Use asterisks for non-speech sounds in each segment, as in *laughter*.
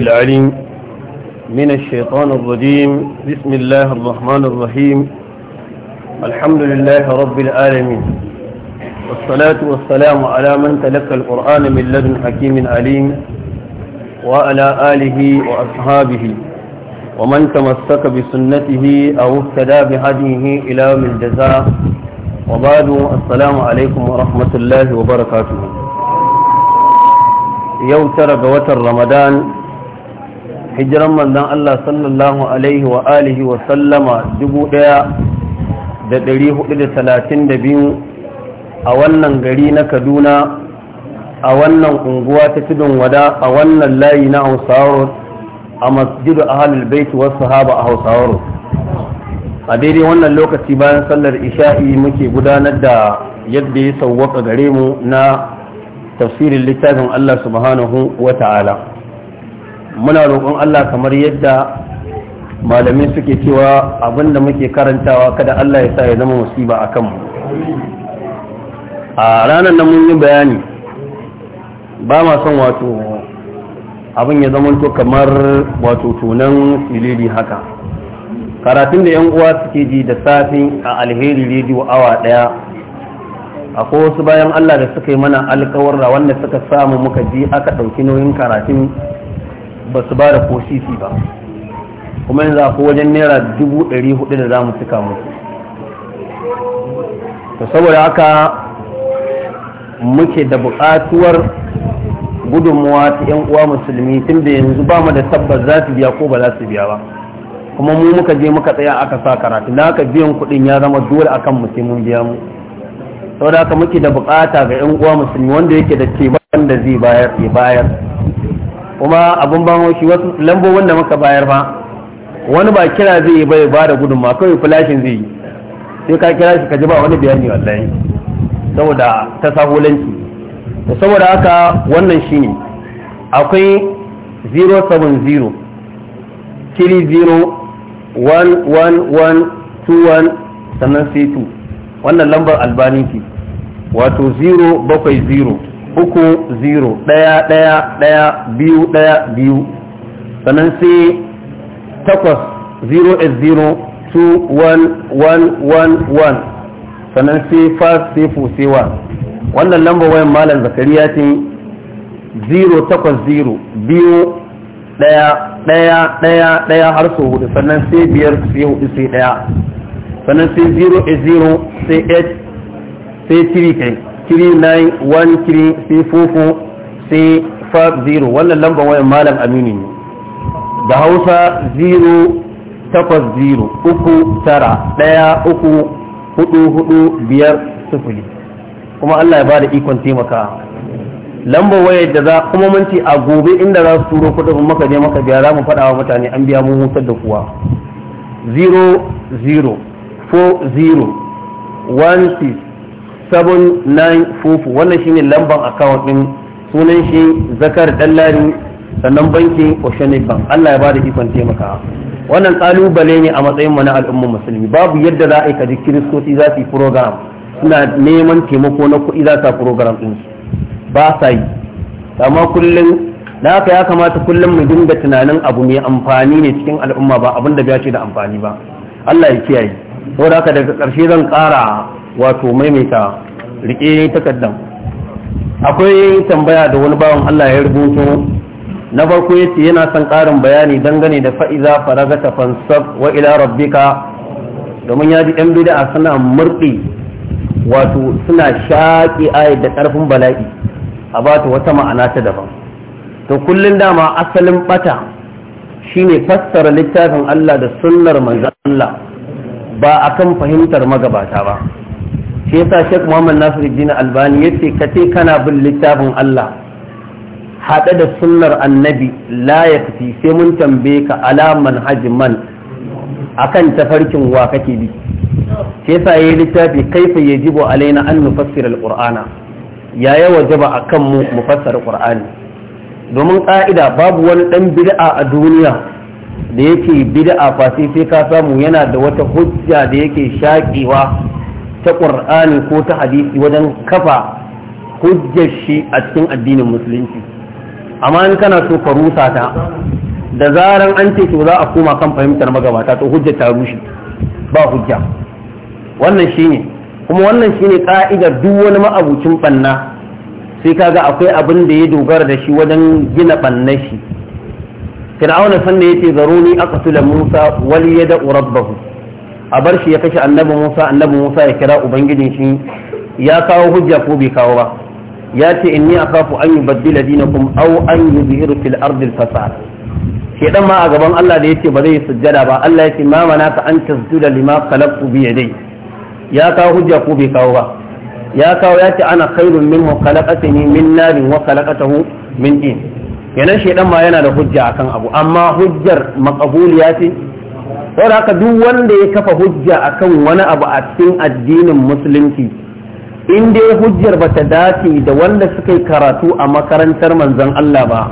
العليم من الشيطان الرجيم بسم الله الرحمن الرحيم الحمد لله رب العالمين والصلاة والسلام على من تلقى القرآن من لدن حكيم عليم وعلى آله وأصحابه ومن تمسك بسنته أو اهتدى بهديه إلى من الجزاء وبعد السلام عليكم ورحمة الله وبركاته يوتر بوتر رمضان hijiran manzon Allah sallallahu alaihi wa alihi wa sallama biyu a wannan gari na Kaduna a wannan unguwa ta tudun wada a wannan layi na Hausawar a masjidu ahlul bait wasu sahaba a Hausawar a daidai wannan lokaci bayan sallar isha'i muke gudanar da yadda ya sauwaka gare mu na tafsirin littafin Allah subhanahu wa ta'ala muna roƙon Allah kamar yadda malamai suke cewa abinda muke karantawa kada Allah ya sa ya zama musiba a kanmu a ranar nan mun yi bayani ba ma son wato abin ya zama to kamar wato tunan filili haka karatun da yan uwa suke ji da safi a alheri rediyo awa daya akwai wasu bayan Allah da suka yi mana alkawarra wanda suka samu muka ji aka ɗauki nauyin karatun ba su ba da ko ba kuma yanzu a wajen naira dubu ɗari hudu da za mu cika musu ta saboda haka muke da bukatuwar gudunmuwa ta 'yan uwa musulmi tun da yanzu ba mu da tabbas za su biya ko ba za su biya ba kuma mu muka je muka tsaya aka sa karatu na aka biyan kuɗin ya zama dole akan mu sai biya mu saboda haka muke da bukata ga 'yan uwa musulmi wanda yake da ce da zai bayar ya bayar kuma abin ban shi wasu lambobin da muka bayar ba wani ba kira zai yi bai ba da gudunma kawai flashin zai yi sai ka kira shi ka ji ba wani bayani wallahi saboda ta sahulanci to saboda haka wannan shine akwai 070 30 sannan c 2 wannan lambar albani ce wato 070 uku zero ɗaya ɗaya ɗaya biyu ɗaya biyu sannan sai takwas zero eight zero two one one one one sannan sai fas sai fo sai wa wannan lambar wayan malam zakariya ce zero takwas zero biyu ɗaya ɗaya ɗaya ɗaya har sau hudu sannan sai biyar sai hudu sai ɗaya sannan sai zero eight zero sai eight sai tiri kai 3913 sai fofo sai wannan lambar wayan malam aminu ne da hausa 080 uku ɗaya uku hudu hudu biyar kuma Allah ya bada ikon taimaka lambar wayar da za kuma manci a gobe inda za su turo kudin maka je maka biya za mu faɗa wa mutane an biya mun hutar da kuwa 00 16 7944 wannan shine lambar account din sunan shi zakar dallari sannan bankin oceanic bank Allah ya bada ikon taimaka wannan kalubale ne a matsayin mu na al'umma musulmi babu yadda za a yi kaji kiristoci za su yi program suna neman taimako na kuɗi za su program din ba sa yi amma kullum da haka ya kamata kullum mu dinga tunanin abu mai amfani ne cikin al'umma ba abin da ce da amfani ba Allah ya kiyaye saboda haka daga ƙarshe zan ƙara wato maimaita riƙe takaddan akwai tambaya da wani bawan Allah ya rubuto na farko yace yana son ƙarin bayani dangane da fa'iza faragata fansab wa ila rabbika domin ya ji ɗan bid'a suna murɗi wato suna shaƙi ayat da ƙarfin bala'i a ba ta wata ma'ana ta daban to kullun dama asalin bata shine fassara littafin Allah da sunnar manzon Allah ba akan fahimtar magabata ba shi yasa Sheikh Muhammad Nasiruddin Albani yace kace kana bin littafin Allah hada da sunnar annabi la sai mun tambaye ka alaman hajiman akan tafarkin wa kake bi shi yasa yayi littafi kaifa yajibu alaina an nufassira alqur'ana ya ya wajaba akan mu fassara qur'ani domin ka'ida babu wani dan bid'a a duniya da yake bid'a fa sai ka samu yana da wata hujja da yake shakewa ta ƙur'ani ko ta hadisi wajen kafa hujjar shi a cikin addinin musulunci amma in kana so ka rusa ta da zaran an ce to za a koma kan fahimtar magabata to hujjar ta rushe ba hujja wannan shine kuma wannan shine ka'idar duk wani ma'abucin banna sai kaga akwai abin da ya dogara da shi wajen gina banna shi fir'auna sanne yace zaruni aqtula musa wal yad'u rabbahu a bar shi ya kashe annabi Musa annabi Musa ya kira ubangijin shi ya kawo hujja ko bai kawo ba ya ce inni akhafu an yubaddila dinakum aw an yuzhiru fil ardi fasad shedan ma a gaban Allah da yace ba zai sujjada ba Allah yace ma manaka an tasjuda lima khalaqtu bi yadai ya kawo hujja ko bai kawo ba ya kawo ya ce ana khairun minhu khalaqatani min narin wa khalaqatahu min din kenan shedan ma yana da hujja akan abu amma hujjar maqbuliya ce saboda haka duk wanda ya kafa hujja a kan wani abu a cikin addinin musulunci in dai hujjar ba ta dace da wanda suka yi karatu a makarantar manzon Allah ba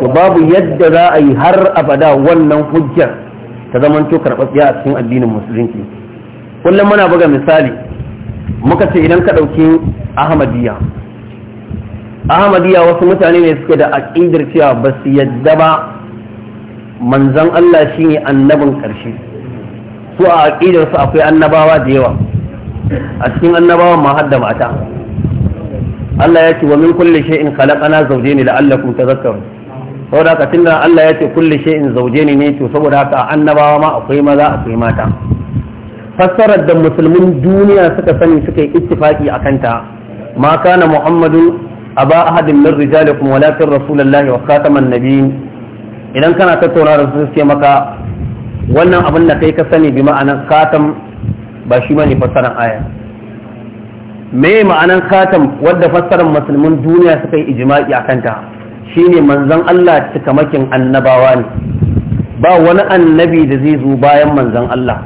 to babu yadda za a yi har abada wannan hujjar ta to karɓaɓɓiya a cikin addinin musulunci kullum muna buga misali muka ce idan ka ɗauki ahmadiyya ahmadiyya wasu mutane ne suke da aƙidar cewa ba su yadda ba manzan Allah shine annabin ƙarshe su a aƙidarsu akwai annabawa da yawa a cikin annabawan ma har da mata Allah ya ce wa min kulli shay'in khalaqana zawjayn la'allakum tadhakkarun saboda haka tunda Allah ya ce kulli shay'in zawjayn ne to saboda haka annabawa ma akwai maza akwai mata fassarar da musulmin duniya suka sani suka yi ittifaki akan ta ma kana muhammadun aba ahadin min rijalikum walakin rasulullahi wa khataman nabiyyin idan kana tattauna da su ce maka wannan abin da kai ka sani bi ma'anan katam ba shi ne fassarar aya me ma'anan katam wadda fassarar musulmin duniya suka yi ijma'i akan ta shine manzon Allah cikamakin annabawa ne ba wani annabi da zai zo bayan manzon Allah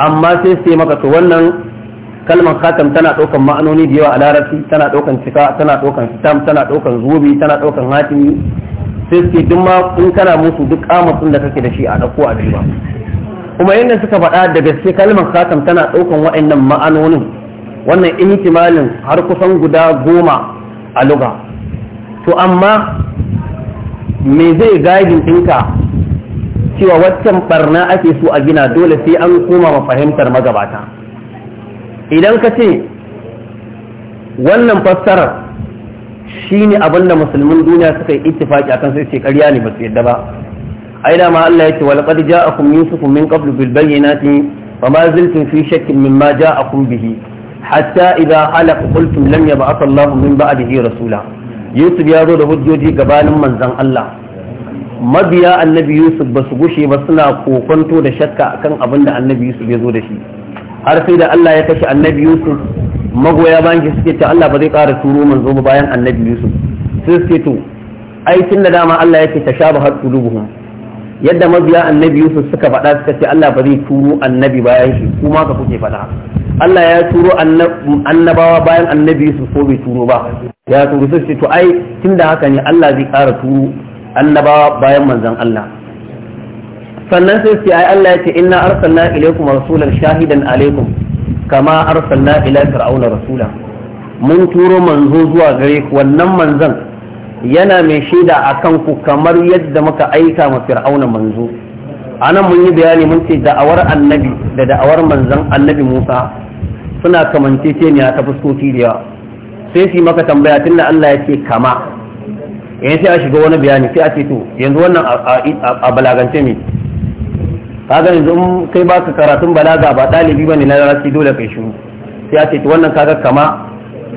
amma sai sai maka to wannan kalmar khatam tana ɗaukan ma'anoni da yawa a larabci tana ɗaukan cika tana ɗaukan fitam tana ɗaukan zubi tana ɗaukan hatimi sai suke duk ma in kana musu duk amasin da kake da shi a dauko a ba kuma yanda suka faɗa da gaske kalmar khatam tana ɗaukan waɗannan ma'anonin wannan intimalin har kusan guda goma a luga to amma me zai gadin ɗinka cewa waccan barna ake so a gina dole sai an koma fahimtar magabata idan ka ce wannan fassarar ne abin da musulmin duniya suka yi ittifaki akan sai ce ƙarya ne ba su yadda ba ai da ma Allah yake wa laqad ja'akum yusuf min qabl bil bayyinati fama zaltum fi shakkin mimma ja'akum bihi hatta idza halaq qultum lam yab'ath Allah min ba'dihi rasula yusuf ya zo da hujjoji gabanin manzon Allah mabiya annabi yusuf ba su gushe ba suna kokonto da shakka akan abin da annabi yusuf ya zo da shi har sai da Allah ya kashe annabi yusuf magoya bayan shi suke ta Allah ba zai ƙara turo manzo ba bayan annabi Yusuf sai suke to ai tun da dama Allah yake har qulubuhum yadda mabiya annabi Yusuf suka faɗa suka ce Allah ba zai turo annabi bayan shi kuma ka kuke faɗa Allah ya turo annabawa bayan annabi Yusuf ko bai turo ba ya turo sai ce to ai tun da haka ne Allah zai ƙara turo annabawa bayan manzon Allah sannan sai sai ai Allah ya ce inna arsalna ilaykum rasulan shahidan alaykum kama arsalna ila fir'auna rasula mun turo manzo zuwa gare ku wannan manzan yana mai shaida akan ku kamar yadda muka aika ma fir'auna manzo anan mun yi bayani mun ce da'awar annabi da da'awar manzon annabi Musa suna kamanceceniya ta fuskoki da yawa sai su maka tambaya tunda Allah ya ce kama yanzu eh, sai a shiga wani bayani sai a ce to yanzu wannan a balagance ne kaga yanzu in kai baka karatun balaga ba ɗalibi bane na larabci dole kai shiru sai a ce to wannan kaga kama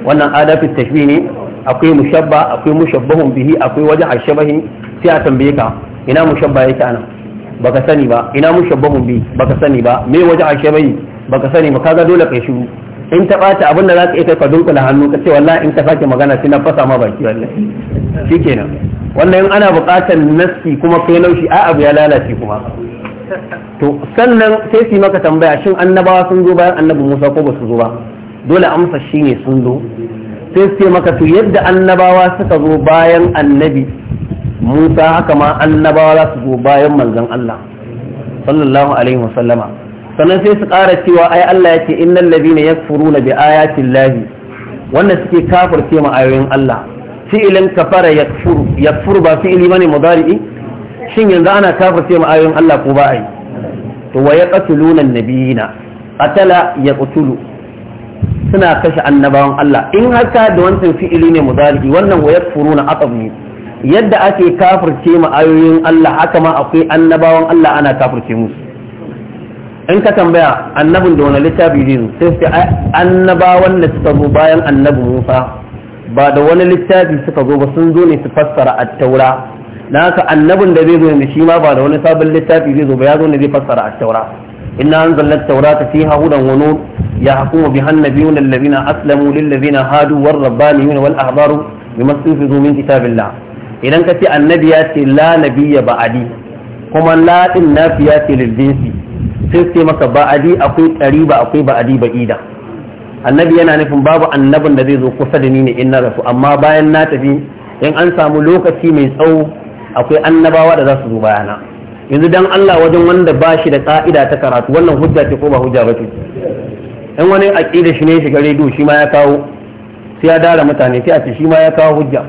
wannan adafin tashbih ne akwai mushabba akwai mushabbahun bihi akwai wajen ashabahi sai a tambaye ka ina mushabba yake ana baka sani ba ina mushabbahun bihi baka sani ba me wajen ashabahi baka sani ba kaga dole kai shiru in ta bata abin da za ka iya kai ka dunkula hannu ka ce wallahi in ta sake magana sai na fasa ma baki wallahi shikenan wannan in ana buƙatar nassi kuma kai laushi a abu ya lalace kuma to sannan sai su yi maka tambaya shin annabawa sun zo bayan annabi Musa ko ba su zo ba dole amsa shi sun zo sai su maka to yadda annabawa suka zo bayan annabi Musa haka ma annabawa za su zo bayan manzon Allah sallallahu alaihi wasallama sannan sai su ƙara cewa ai Allah ya ce innal ladina na bi ayatin lahi wanda suke kafirce ma ayoyin Allah fi'ilin kafara Yafuru, yakfuru ba fi'ili bane mudari'i shin yanzu ana kafarce ma ayoyin Allah ko ba a yi to wa yaqtuluna nabiyina qatala yaqtulu suna kashe annabawan Allah in haka da wancan fi'ili ne mudari wannan wa yakfuruna atab ne yadda ake kafarce ma ayoyin Allah haka ma akwai annabawan Allah ana kafirce musu in ka tambaya annabin da wani littafi zai zo sai su annabawan da suka zo bayan annabi Musa ba da wani littafi suka zo ba sun zo ne su fassara a taura na haka annabin da zai zo yanzu shi ma ba da wani sabon littafi zai zo ba ya zo ne zai fassara a taura inna anzalna at-taurata hau hudan ya nur yahkumu biha an-nabiyuna alladhina aslamu lil hadu war rabbaniyuna wal ahbaru bima zo min kitabillah idan ka ce annabi ya ce la nabiyya ba'adi kuma la din nafiya ce lil sai sai maka ba'adi akwai ba akwai ba'adi ida annabi yana nufin babu annabin da zai zo kusa da ni ne in na rasu amma bayan na tafi in an samu lokaci mai tsawo akwai annabawa da za su zo bayana yanzu dan Allah wajen wanda ba shi da ka'ida ta karatu wannan hujja ce ko ba hujja ba ce in wani aqida shi ne shiga rediyo shi ma ya kawo sai ya dara mutane sai a ce shi ma ya kawo hujja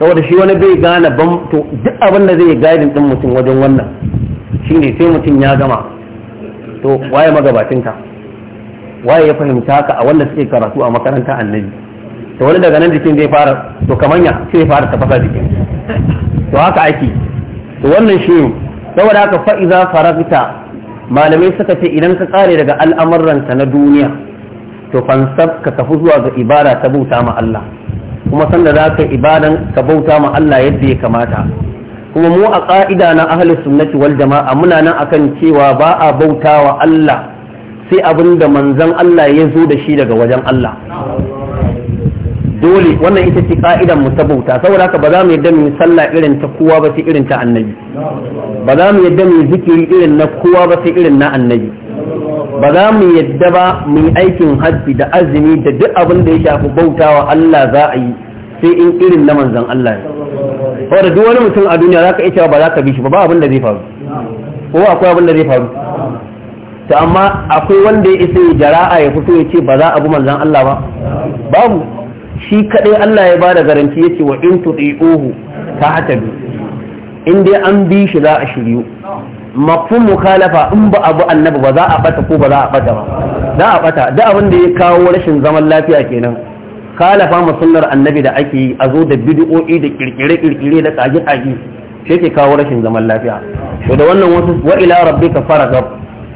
saboda shi wani bai gane ban to duk abin da zai gaidin din mutum wajen wannan shine sai mutum ya gama to waye magabatinka waye ya fahimta ka a wanda suke karatu a makaranta annabi to wani daga nan jikin zai fara to kamanya sai fara tafasa jikin to haka ake to wannan shi saboda haka fa'iza faragta malamai suka ce idan ka kare daga al'amuranka na duniya to fansab ka tafi zuwa ga ibada ta bauta ma Allah kuma sanda za ka ibadan ka bauta ma Allah yadda ya kamata kuma mu a ƙa'ida na ahalus sunnati wal jama'a muna nan akan cewa ba a bautawa Allah sai abin da manzon Allah ya zo da shi daga wajen Allah dole wannan ita ce ka'idan mu ta bauta saboda haka ba za mu yadda mu sallah irin ta kowa ba sai irin ta annabi ba za mu yadda mu zikiri irin na kowa ba sai irin na annabi ba za mu yadda ba mu yi aikin hajji da azumi da duk abin da ya shafi bautawa Allah za a yi sai in irin na manzon Allah ne saboda duk wani mutum a duniya zaka iya cewa ba za ka bi shi ba ba abin da zai faru ko akwai abin da zai faru to amma akwai wanda ya isa ya jara'a ya fito ya ce ba za a bi manzon Allah ba babu shi kaɗai Allah ya bada garanti ce wa in tuti'uhu ta bi in dai an bi shi za a shiryu mafhum mukhalafa in ba abu annabi ba za a bata ko ba za a bata ba za a bata da abin da ya kawo rashin zaman lafiya kenan khalafa masallar annabi da ake yi a zo da bid'o'i da kirkire kirkire da tsage tsage shi ke kawo rashin zaman lafiya to da wannan wasu wa ila rabbika gab,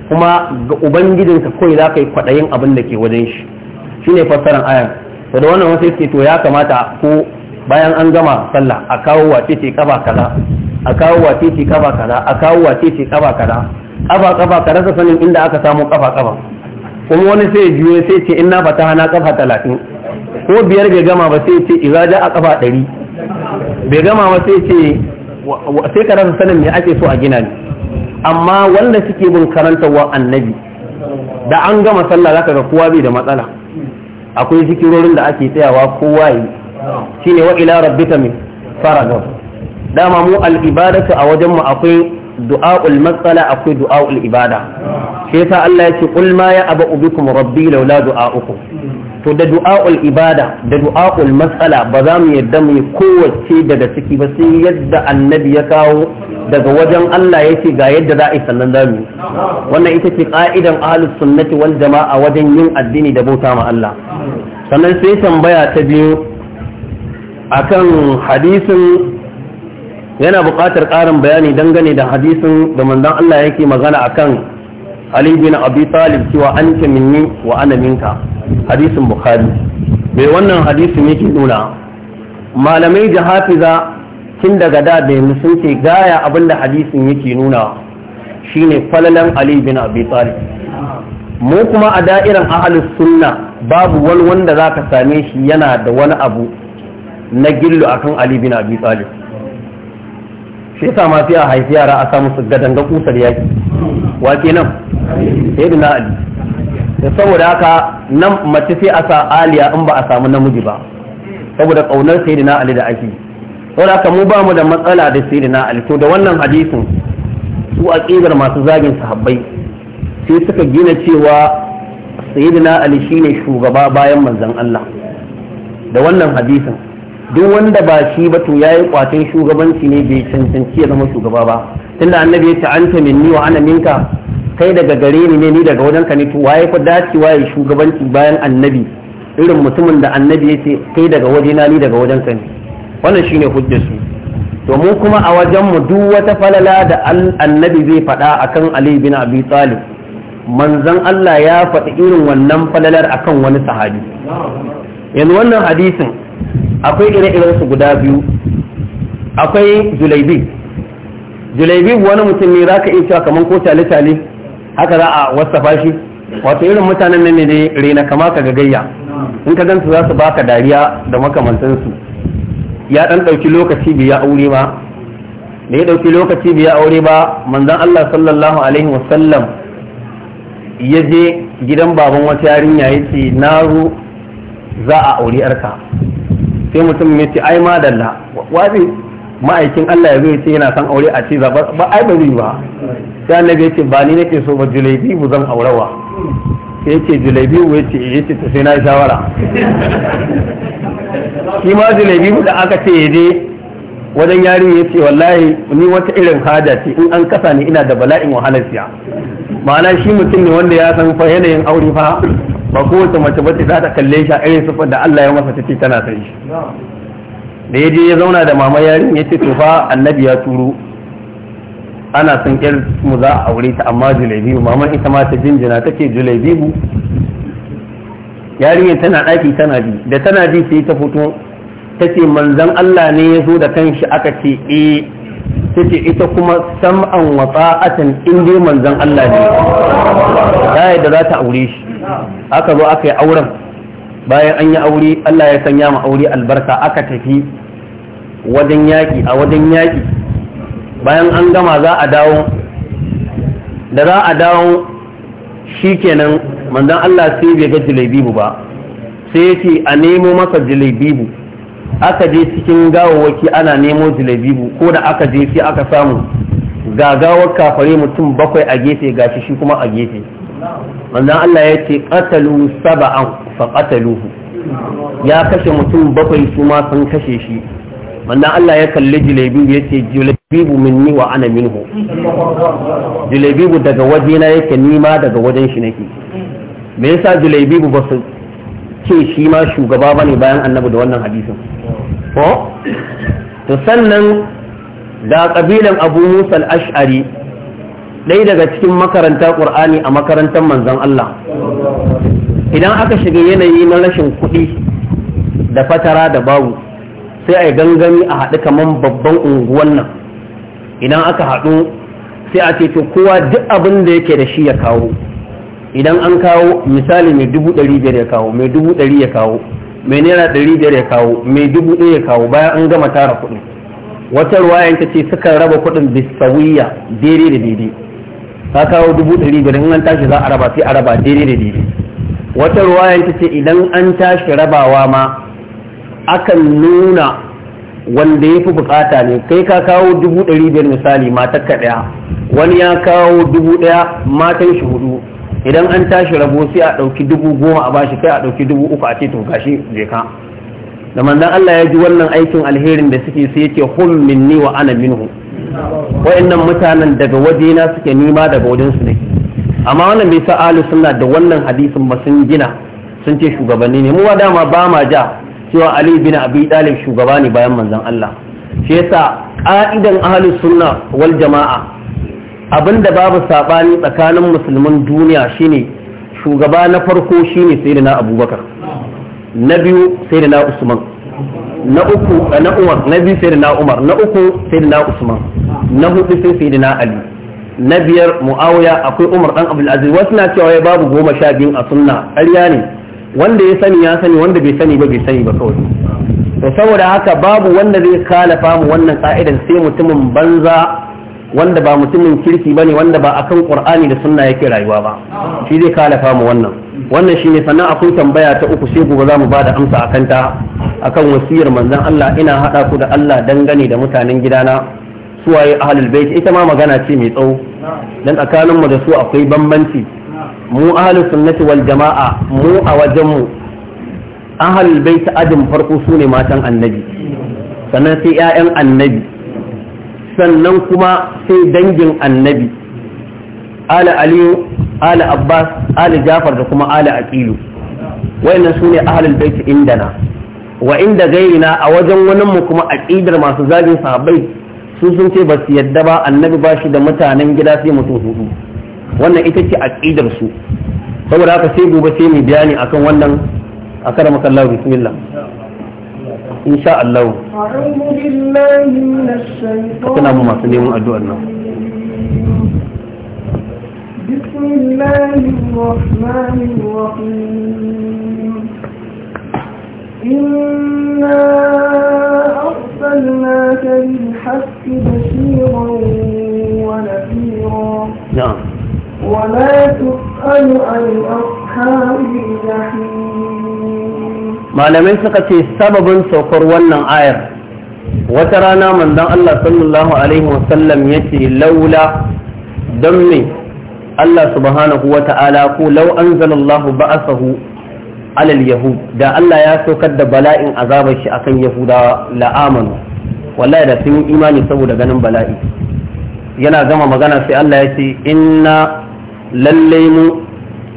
kuma ga ubangijinka kawai za ka yi kwaɗayin abin da ke wajen shi Shi ne fassarar ayar to da wannan wasu to ya kamata ko bayan an gama sallah a kawo wace ce kaba kaza a kawo wace ce kaba kaza a kawo wace ce kaba kaza kaba kaba ka rasa sanin inda aka samu kaba kaba kuma wani sai juye sai ce in na fata hana kafa talatin ko biyar bai gama ba sai ce idza ja a kafa ɗari bai gama ba sai ce sai ka rasa sanin me ake so a gina ne amma wanda suke bin karantarwa annabi da an gama sallah zaka ga kowa bai da matsala akwai zikirorin da ake tsayawa kowa waye shine wa ila rabbika min faradun dama mu al-ibadatu a wajen mu akwai du'a'ul matsala akwai du'a'ul ibada shi yasa Allah ya ce qul ma ya abu bikum rabbi laula du'a'ukum to da du'a'ul ibada da du'a'ul matsala ba za mu yadda mu kowace daga ciki ba sai yadda annabi ya kawo daga wajen Allah ya ce ga yadda za a yi sannan za mu wannan ita ce ka'idan ahlus sunnati wal jama'a wajen yin addini da bauta ma Allah sannan sai tambaya ta biyu akan hadisin yana buƙatar ƙarin bayani dangane da hadisin da manzon Allah yake magana akan ali bin abi talib cewa an ta minni wa ana minka hadisin bukhari mai wannan ne ke nuna malamai da hafiza tun daga da bai yanzu gaya abinda hadisin yake nuna shine falalan ali bin abi talib mu kuma a da'irin ahalus sunna babu wani wanda zaka same shi yana da wani abu na gillu akan ali bin abi talib shi yasa ma sai a haifi yara a samu su gadanga kusar yaki wake nan sai na ali da saboda haka nan mace sai a sa aliya in ba a samu namiji ba saboda kaunar sai na ali da ake saboda haka mu ba mu da matsala da sai na ali to da wannan hadisin su a ƙidar masu zagin sahabbai sai suka gina cewa na ali shine shugaba bayan manzon Allah da wannan hadisin duk wanda ba shi ba to yayi kwatin shugabanci ne bai cancanci ya zama shugaba ba tunda annabi ya ce ta minni wa ana minka kai daga gare ni ne ni daga wajen ka ne to waye fa dacewa waye shugabanci bayan annabi irin mutumin da annabi ya ce kai daga waje na ni daga wajen ka ne wannan shine hujjar su to mu kuma a wajen mu duk wata falala da annabi zai faɗa akan Ali bin Abi Talib manzon Allah ya faɗi irin wannan falalar akan wani sahabi yanzu wannan hadisin akwai ire-iren su guda biyu akwai julaibi julaibi wani mutum ne zaka iya cewa kamar ko tale-tale haka za a wasafa shi wato irin mutanen nan ne rena kama ka gagayya in ka gansu za su baka dariya da makamantansu ya dan ɗauki lokaci biya aure ba da ya ɗauki lokaci biya aure ba manzon Allah sallallahu alaihi wasallam ya je gidan baban wata yarinya ya ce na za a aure yarka sai mutum ya ce ai madalla wabe ma'aikin Allah ya zo ya ce yana son aure a ce ba ai ba zai ba sai annabi ya ce ba ni nake so ba julebi bu zan aurawa sai ya ce julebi ya ce ya ce ta sai na shawara shi ma julebi da aka ce ya je wajen yari ya ce wallahi ni wata irin hada ce in an kasa ni ina da bala'in wahalar siya ma'ana shi mutum ne wanda ya san fa yanayin aure fa ba kowace mace ce za ta kalle shi a irin sufar da Allah ya masa ta ce tana sai shi da ya je ya zauna da mama yarin ya ce tufa annabi ya turo ana son yar mu za a aure ta amma julaibibu mama ita ma ta jinjina ta ce julebibu yarinyar tana ɗaki tana ji da tana ji sai ta fito ta ce manzan Allah ne ya zo da kanshi aka ce eh ta ce ita kuma sam'an wa tsa'atan in dai manzan Allah ne ta da za ta aure shi aka zo aka yi auren bayan an yi aure Allah ya sanya ma aure albarka aka tafi wajen yaƙi a wajen yaƙi bayan an gama za a dawo da za a dawo shikenan manzon Allah sai bai ga jilebibu ba sai ya ce a nemo masa jilebibu aka je cikin gawawaki ana nemo jilebibu ko da aka je sai aka samu gagawar kafare mutum bakwai a gefe gashi shi kuma a gefe Wannan Allah ya ce qatalu saba'an fa ƙataluhu. ya kashe mutum bakwai su ma sun kashe shi Wannan Allah ya kalli jilebibu ya ce jilebibu minni wa ana minhu jilebibu daga waje na yake nima daga wajen shi nake me yasa jilebibu ba su ce shi ma shugaba bane bayan annabi da wannan hadisin ko to sannan da kabilan abu musa al-ash'ari ɗaya daga cikin makaranta ƙur'ani a makarantar manzon Allah idan aka shiga yanayi na rashin kuɗi da fatara da babu sai a gangami a haɗu kaman babban unguwan nan idan aka haɗu sai a ce to kowa duk abin da yake da shi ya kawo idan an kawo misali mai dubu ɗari biyar ya kawo mai dubu ɗari ya kawo mai naira ɗari biyar ya kawo mai dubu ɗaya ya kawo bayan an gama tara kuɗi wata ruwa ta ce suka raba kuɗin bisawiya daidai da daidai ka kawo dubu ɗari biyar an tashi za a raba sai a raba daidai da daidai wata ruwayan ta ce idan an tashi rabawa ma akan nuna wanda ya fi bukata ne kai ka kawo dubu ɗari biyar misali matar ka ɗaya wani ya kawo dubu ɗaya matan shi hudu idan an tashi rabo sai a ɗauki dubu goma a bashi kai a ɗauki dubu uku a ce to gashi je ka da manzon Allah ya ji wannan aikin alherin da suke sai yake hum minni wa ana minhu wa'annan mutanen daga waje na suke nima daga wajensu ne amma wannan bai sa ahli sunna da wannan hadisin ba sun gina sun ce shugabanni ne mu ba dama ba ma ja cewa ali bin abi talib shugaba ne bayan manzon Allah shi yasa ka'idan ahli sunna wal jama'a abinda babu sabani tsakanin musulmin duniya shine shugaba na farko shine sayyidina abubakar na biyu sayyidina usman na uku eh, na umar na biyu sai na umar na uku sai na usman na hudu sai sai na ali na biyar muawiya akwai umar dan abdul aziz wasu na cewa ya babu goma sha biyu a sunna ƙarya ne wanda ya sani ya sani wanda bai sani ba bai sani ba kawai to saboda haka babu wanda zai kalafa mu wannan ka'idan sai mutumin banza wanda ba mutumin kirki bane wanda ba akan qur'ani da sunna yake rayuwa ba shi zai kalafa mu wannan wannan shine sannan akwai tambaya ta uku sai gobe zamu bada amsa akan ta akan wasiyar manzon Allah ina hada ku da Allah dangane da mutanen gidana suwaye ahlul bait ita ma magana ce mai tsawo dan tsakanin mu da su akwai bambanci mu ahlus sunnati wal jama'a mu a wajen mu ahlul bait adin farko sune matan annabi sannan sai 'ya'yan annabi sannan kuma sai dangin annabi ala aliyu ala abbas ala jafar da kuma ala aqilu wayannan sune ahlul bait indana wa inda gairina a wajen wani mu kuma aqidar masu zagin sahabbai su sun ce ba su yadda ba annabi ba shi da mutanen gida sai mutum hudu wannan ita ce aqidar su saboda haka sai gobe sai mu bayani akan wannan a karamakallahu bismillah إن شاء الله أعوذ بالله من الشيطان كنا مماثلين أدوأنا بسم الله الرحمن الرحيم إنا أرسلناك بالحق بشيرا ونذيرا نعم ولا تسأل عن أصحاب الجحيم malamai suka ce sababin saukar wannan ayar wata rana manzon Allah sallallahu alaihi wasallam ya ce laula don me Allah subhanahu wa ta'ala ko lau anzalallahu ba'asahu alal yahud da Allah ya saukar da bala'in azabar shi akan yahudawa la'amanu wallahi da sun imani saboda ganin bala'i yana gama magana sai Allah ya ce inna lallai mu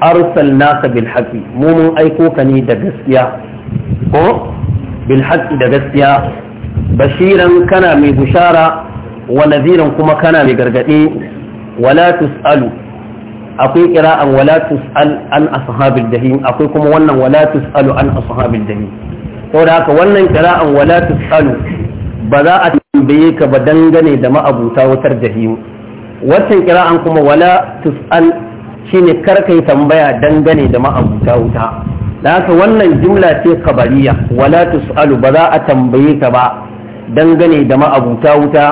arsalnaka bil haqi mu mun aiko ka ne da gaskiya ko bil da gaskiya bashiran kana mai bushara wa naziran kuma kana mai gargade wala tusalu akwai kira an wala tusal an ashabil jahim akwai kuma wannan wala tusalu an ashabil jahim da haka wannan kira an wala tusalu ba za a tambaye ka ba dangane da ma'abuta wutar jahim wannan an kuma wala tusal shine karkai tambaya dangane da ma'abuta wuta da haka wannan jumla ce kabariya wala tus'alu ba za a tambaye ta ba dangane da ma'abuta wuta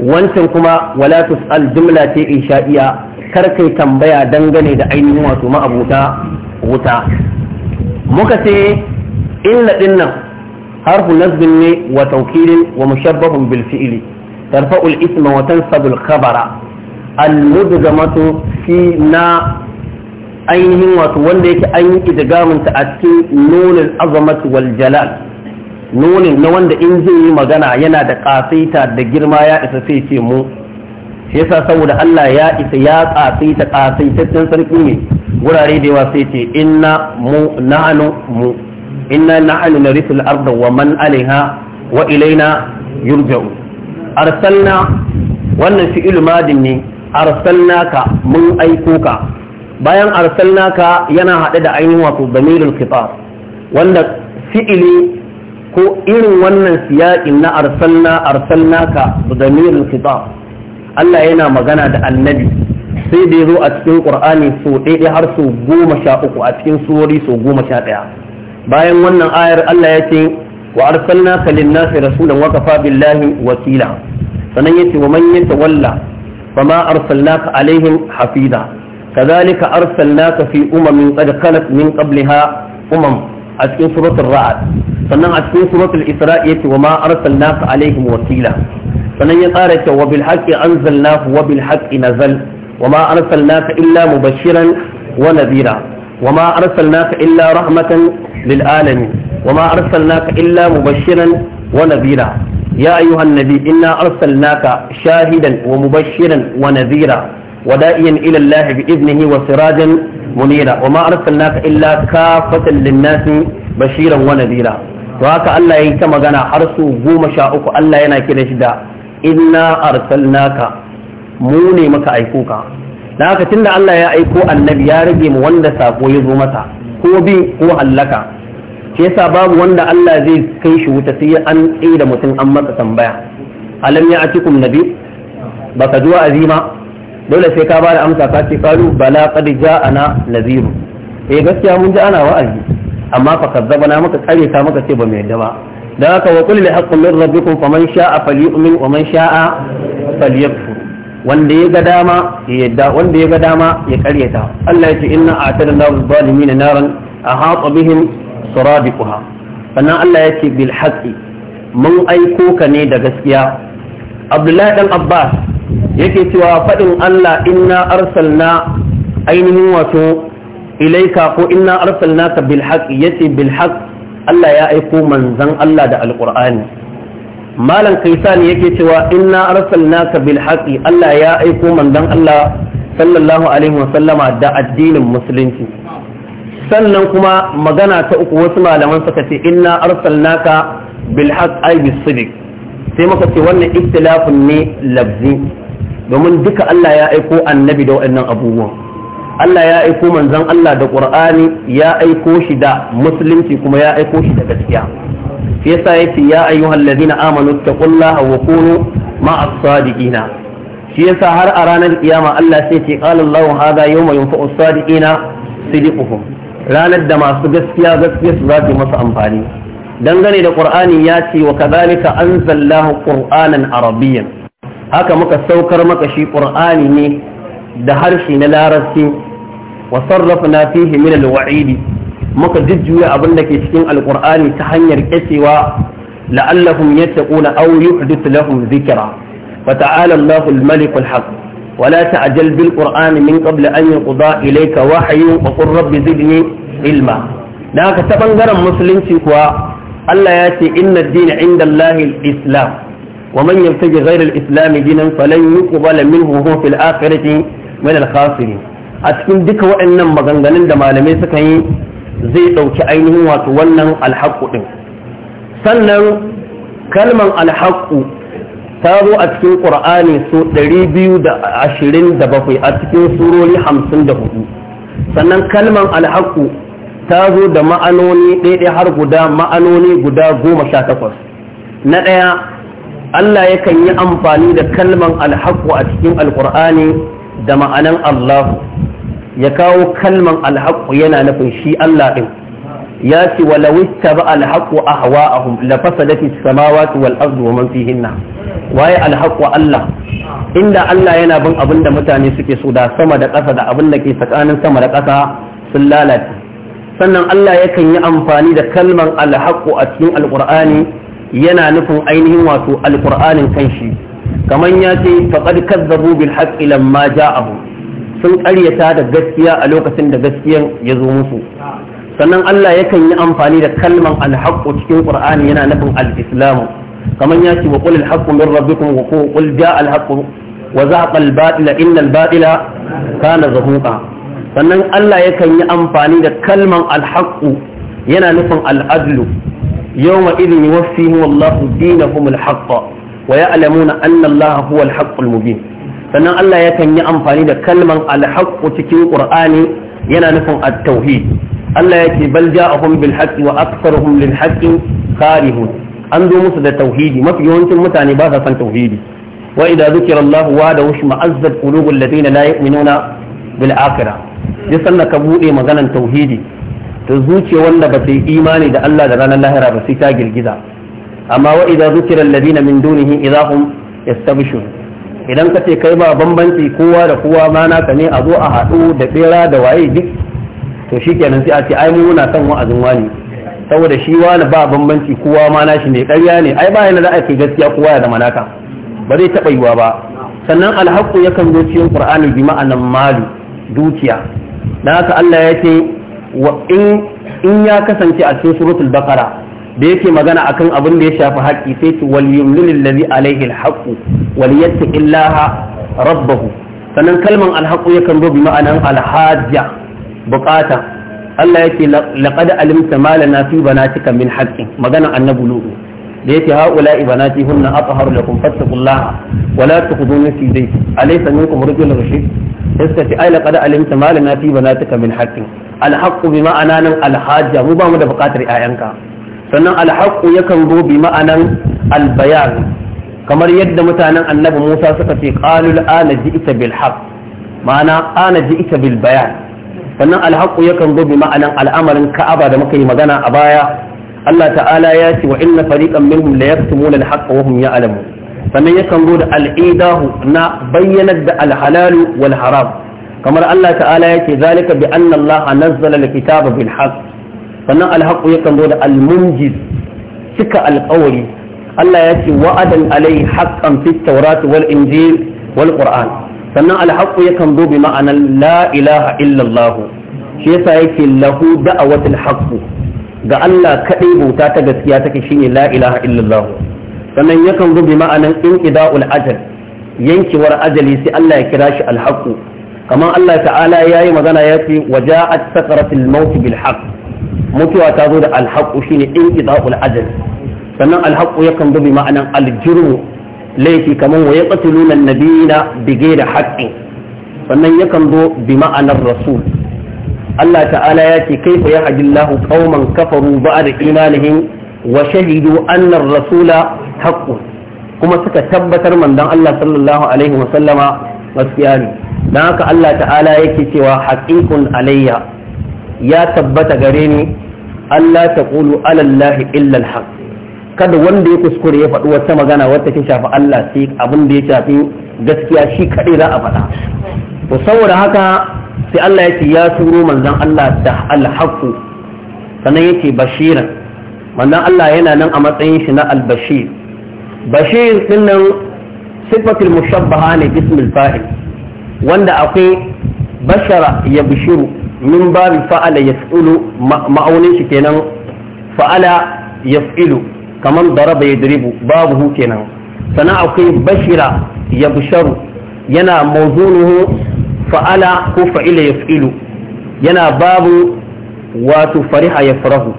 wancan kuma wala tus'al jumla ce insha'iya kar kai tambaya dangane da ainihin wato ma'abuta wuta muka ce inna din nan harfu nasbin ne wa tawkilin wa mushabbahun bil fi'li isma wa tansabu kabara khabara al mudghamatu fi na ainihin wato wanda yake an yi idgamin ta a cikin nunin azamat wal jalal nunin na wanda in zai yi magana yana da kasaita da girma ya isa sai ce mu shi yasa saboda Allah ya isa ya kasaita kasaitaccen sarki ne wurare da yawa sai ce inna mu na'anu mu inna na'anu narisul arda wa man alaiha wa ilaina yurja'u arsalna wannan fi'il madin ne arsalnaka mun aiko ka bayan ka yana haɗe da ainihin wato damirul khitab wanda fi'ili ko irin wannan siyaƙi na arsalna arsalnaka damirul khitab Allah yana magana da annabi sai da yazo a cikin Qur'ani so ɗaya har so goma sha uku a cikin suwari so goma sha ɗaya bayan wannan ayar Allah ya ce wa arsalnaka lin-nasi rasulan wa kafa billahi wakila sannan yace wa man yatawalla fama arsalnaka alaihim hafiza كذلك أرسلناك في أمم قد خلت من قبلها أمم أتكين سورة الرعد فنن أتكين سورة الإسراء وما أرسلناك عليهم وكيلا فنن يقارك وبالحق أنزلناه وبالحق نزل وما أرسلناك إلا مبشرا ونذيرا وما أرسلناك إلا رحمة للعالمين وما أرسلناك إلا مبشرا ونذيرا يا أيها النبي إنا أرسلناك شاهدا ومبشرا ونذيرا ودائيا الى الله باذنه وسراجا منيرا وما ارسلناك الا كافه للناس بشيرا ونذيرا وهكا الله يي كما غنا ارسو غوم شاء اوكو الله ينا كده شدا انا ارسلناك mu ne maka aiko ka da haka da Allah ya aiko annabi ya rage mu wanda sako ya zo mata ko bi ko hallaka ke yasa babu wanda Allah zai kai shi wuta sai an tsaye mutum an matsa tambaya alam ya atikum nabi baka zuwa azima dole sai ka bada amsa ka ce qalu bala qad ja'ana nadhiru eh gaskiya mun ji ana wa'azi amma fa na muka kare ka muka ce ba mu yadda ba dan haka wa qul li haqqi min rabbikum faman sha'a falyu'min wa man sha'a falyakfur wanda ya ga dama ya yadda wanda ya ga dama ya karyata Allah ya ce inna a'tadna lil zalimin naran ahata bihim suradiquha sannan Allah ya ce bil haqqi mun aiko ka ne da gaskiya Abdullahi dan Abbas yake cewa faɗin Allah inna arsalna ainihin wato ilaika ko inna arsalna ka bil haqq yace bil haq Allah ya aiko manzon Allah da alqur'ani malam kaisan yake cewa inna arsalna ka bil haq Allah ya aiko manzon Allah sallallahu alaihi wa sallama da addinin musulunci sannan kuma magana ta uku wasu malaman suka ce inna arsalnaka bil haq ay bis sai muka ce wannan ikhtilafun ne labzi domin duka Allah ya aiko annabi da waɗannan abubuwan Allah ya aiko manzon Allah da ƙur'ani ya aiko shi da musulunci kuma ya aiko shi da gaskiya shi yasa yace ya ayyuhal ladina amanu taqullaha wa ma a sadiqina shi yasa har a ranar kiyama Allah sai ce qala Allahu hadha yawma yunfa'u sadiqina sidquhum ranar da masu gaskiya gaskiya su za su masa amfani dangane da ƙur'ani ya ce wa kazalika anzalallahu qur'anan arabiyyan haka muka saukar maka shi ƙur'ani ne da harshe na larabci wa na fihi min alwa'idi muka jujjuya abin da ke cikin alƙur'ani ta hanyar kacewa la'allahum yattaquna aw yuhdithu lahum dhikra fata'ala Allahu al-malik al-haq ولا تعجل بالقرآن من قبل أن يقضى إليك وحي وقل رب زدني ilma da ka ta ɓangaren musulunci kuwa Allah ya ce inna dina inda Allahil Islam ومن يبتغي غير الاسلام دينا فلن يقبل منه وهو في الاخره من الخاسرين اتكن ديك وانن مغانغانين ده مالمي سكاني زي دوكي اينهن واتو wannan الحق ɗin sannan kalman alhaqu ta a cikin ƙur'ani ɗari biyu su 227 a cikin surori 54 sannan kalman alhaqu ta zo da ma'anoni ɗaiɗai har guda ma'anoni guda goma sha takwas na ɗaya Allah yakan yi amfani da kalman alhaku a cikin alkur'ani da ma'anan Allah ya kawo kalman alhaku yana nufin shi Allah ɗin ya ce walau ba alhaku a hawa a hum la fasadati samawati wal ardu wa man fihinna waye alhaku Allah inda Allah yana bin abin da mutane suke so da sama da ƙasa da abin da ke tsakanin sama da ƙasa sun lalace sannan Allah yakan yi amfani da kalman alhaku a cikin alkur'ani yana nufin ainihin wato alƙur'anin kanshi kamar ya ce faqad kazzabu bil haqqi lamma ja'ahu sun ƙaryata da gaskiya a lokacin da gaskiyan ya zo musu sannan Allah yakan yi amfani da kalman alhaqqu cikin Qur'ani yana nufin al-islam kamar ya ce wa qul alhaqqu min rabbikum wa qul jaa alhaqqu wa zahaqa al-batil inna al-batila kana zahuqa sannan Allah yakan yi amfani da kalman alhaqqu yana nufin al-adlu يوم إذن يوفيهم الله دينهم الحق ويعلمون أن الله هو الحق المبين sannan Allah yakan yi amfani da kalman alhaqqu cikin Qur'ani yana nufin at-tauhid Allah yake bal ja'ahum bil haqqi wa aktharuhum lil haqqi karihun an zo musu da tauhidi mafi yawancin mutane ba sa san tauhidi wa idza zukira Allah wa da wush ma'azzat qulubul ladina la yu'minuna bil akhirah ya sanna ka bude maganan tauhidi to zuciya wanda ba yi imani da Allah da ranar lahira ba sai ta girgiza amma wa idza zukira alladhina min dunihi idza idan ka ce kai ba bambanci kowa da kowa ma naka ne a zo a haɗu da bera da waye duk to shikenan sai a ce ai mu na son wa'azin wani saboda shi wani ba bambanci kowa ma shi ne ƙarya ne ai ba yana da ake gaskiya kowa ya zama naka ba zai taɓa yiwa ba sannan alhaƙu yakan zo cikin qur'ani bi ma'anan malu dukiya dan haka Allah ya ce in ya kasance a cikin suratul bakara da yake magana akan abin da ya shafi haƙƙi sai ce wal yumlil ladhi alayhi alhaqu wal yattaqillaha rabbahu sannan kalman alhaqu yakan zo bi ma'anan alhajja bukata Allah yake laqad alimta ma lana fi banatika min haqqin magana annabi lu'u da yake haula ibanati hunna atharu lakum fattaqullaha wa la tukhzuni fi dayt alaysa minkum rajulun rashid iska ce ai laqad alimta ma na fi banatika min haqqin al haqqu bi ma'ana nan hajja mu ba mu da buƙatar ƴaƴanka sannan alhaƙu yakan zo bi ma'anan al kamar yadda mutanen annabi Musa suka ce qalul ana ji'ta bil haqq ma'ana ana ji'ta bil bayan sannan alhaƙu yakan zo bi ma'anan al'amarin ka'aba da muka yi magana a baya Allah ta'ala ya ce wa inna fariqan minhum la yaktumuna al-haqqa wa hum ya'lamun sannan ya zo da al na bayyanar da Alhalalu wal haram kamar Allah ta'ala ya ce zalika bi anna Allah nazzala al-kitaba bil haqq sannan al-haqqu ya zo da al-munjiz cika alƙawari Allah ya ce wa'adan alai haqqan fit tawrat wal injil wal qur'an sannan al-haqqu ya zo bi ma'anan la ilaha illa Allah shi yasa yake lahu da'awatul haqq ga Allah kaɗai bauta ta gaskiya take shine la ilaha illallah sannan yakan zo bi ma'anan inqida'ul ajal yankewar ajali sai Allah ya kira shi alhaqu kamar Allah ta'ala yayi magana ya ce waja'at sakaratul maut bil haqq mutuwa ta zo da alhaqu shine inqida'ul ajal sannan alhaqu yakan zo bi ma'anan aljurmu laifi kamar wa yaqtuluna an-nabiyina bi ghairi haqqin sannan yakan zo bi ma'anar rasul Allah ta'ala ya ce kai ya hadillahu qauman kafaru da imanihin wa shahidu anna rasula haƙƙun kuma suka tabbatar mandan Allah sallallahu alaihi wa sallama gaskiya ne dan haka Allah ta'ala yake cewa haqiqun alayya ya tabbata gare ni Allah Ta ƙulu Allah illa al kada wanda ya kuskure ya faɗi wata magana wata ta shafi Allah sai abin da ya shafi gaskiya shi kaɗai za a faɗa to saboda haka sai Allah yake ya turo manzon Allah da alhaqu sannan yake bashiran manzon Allah yana nan a matsayin shi na albashir bashir din nan sifatul mushabbaha ne bismil fa'il wanda akwai bashara ya bishiru min babi fa'ala yas'ulu ma'aunin shi kenan fa'ala yas'ilu kamar daraba ya direbu babu hu kenan sannan akwai bashira ya bisharu yana mawzunuhu fa'ala ko fa'ila ya yaf'ilu yana babu wato fariha ya yafrahu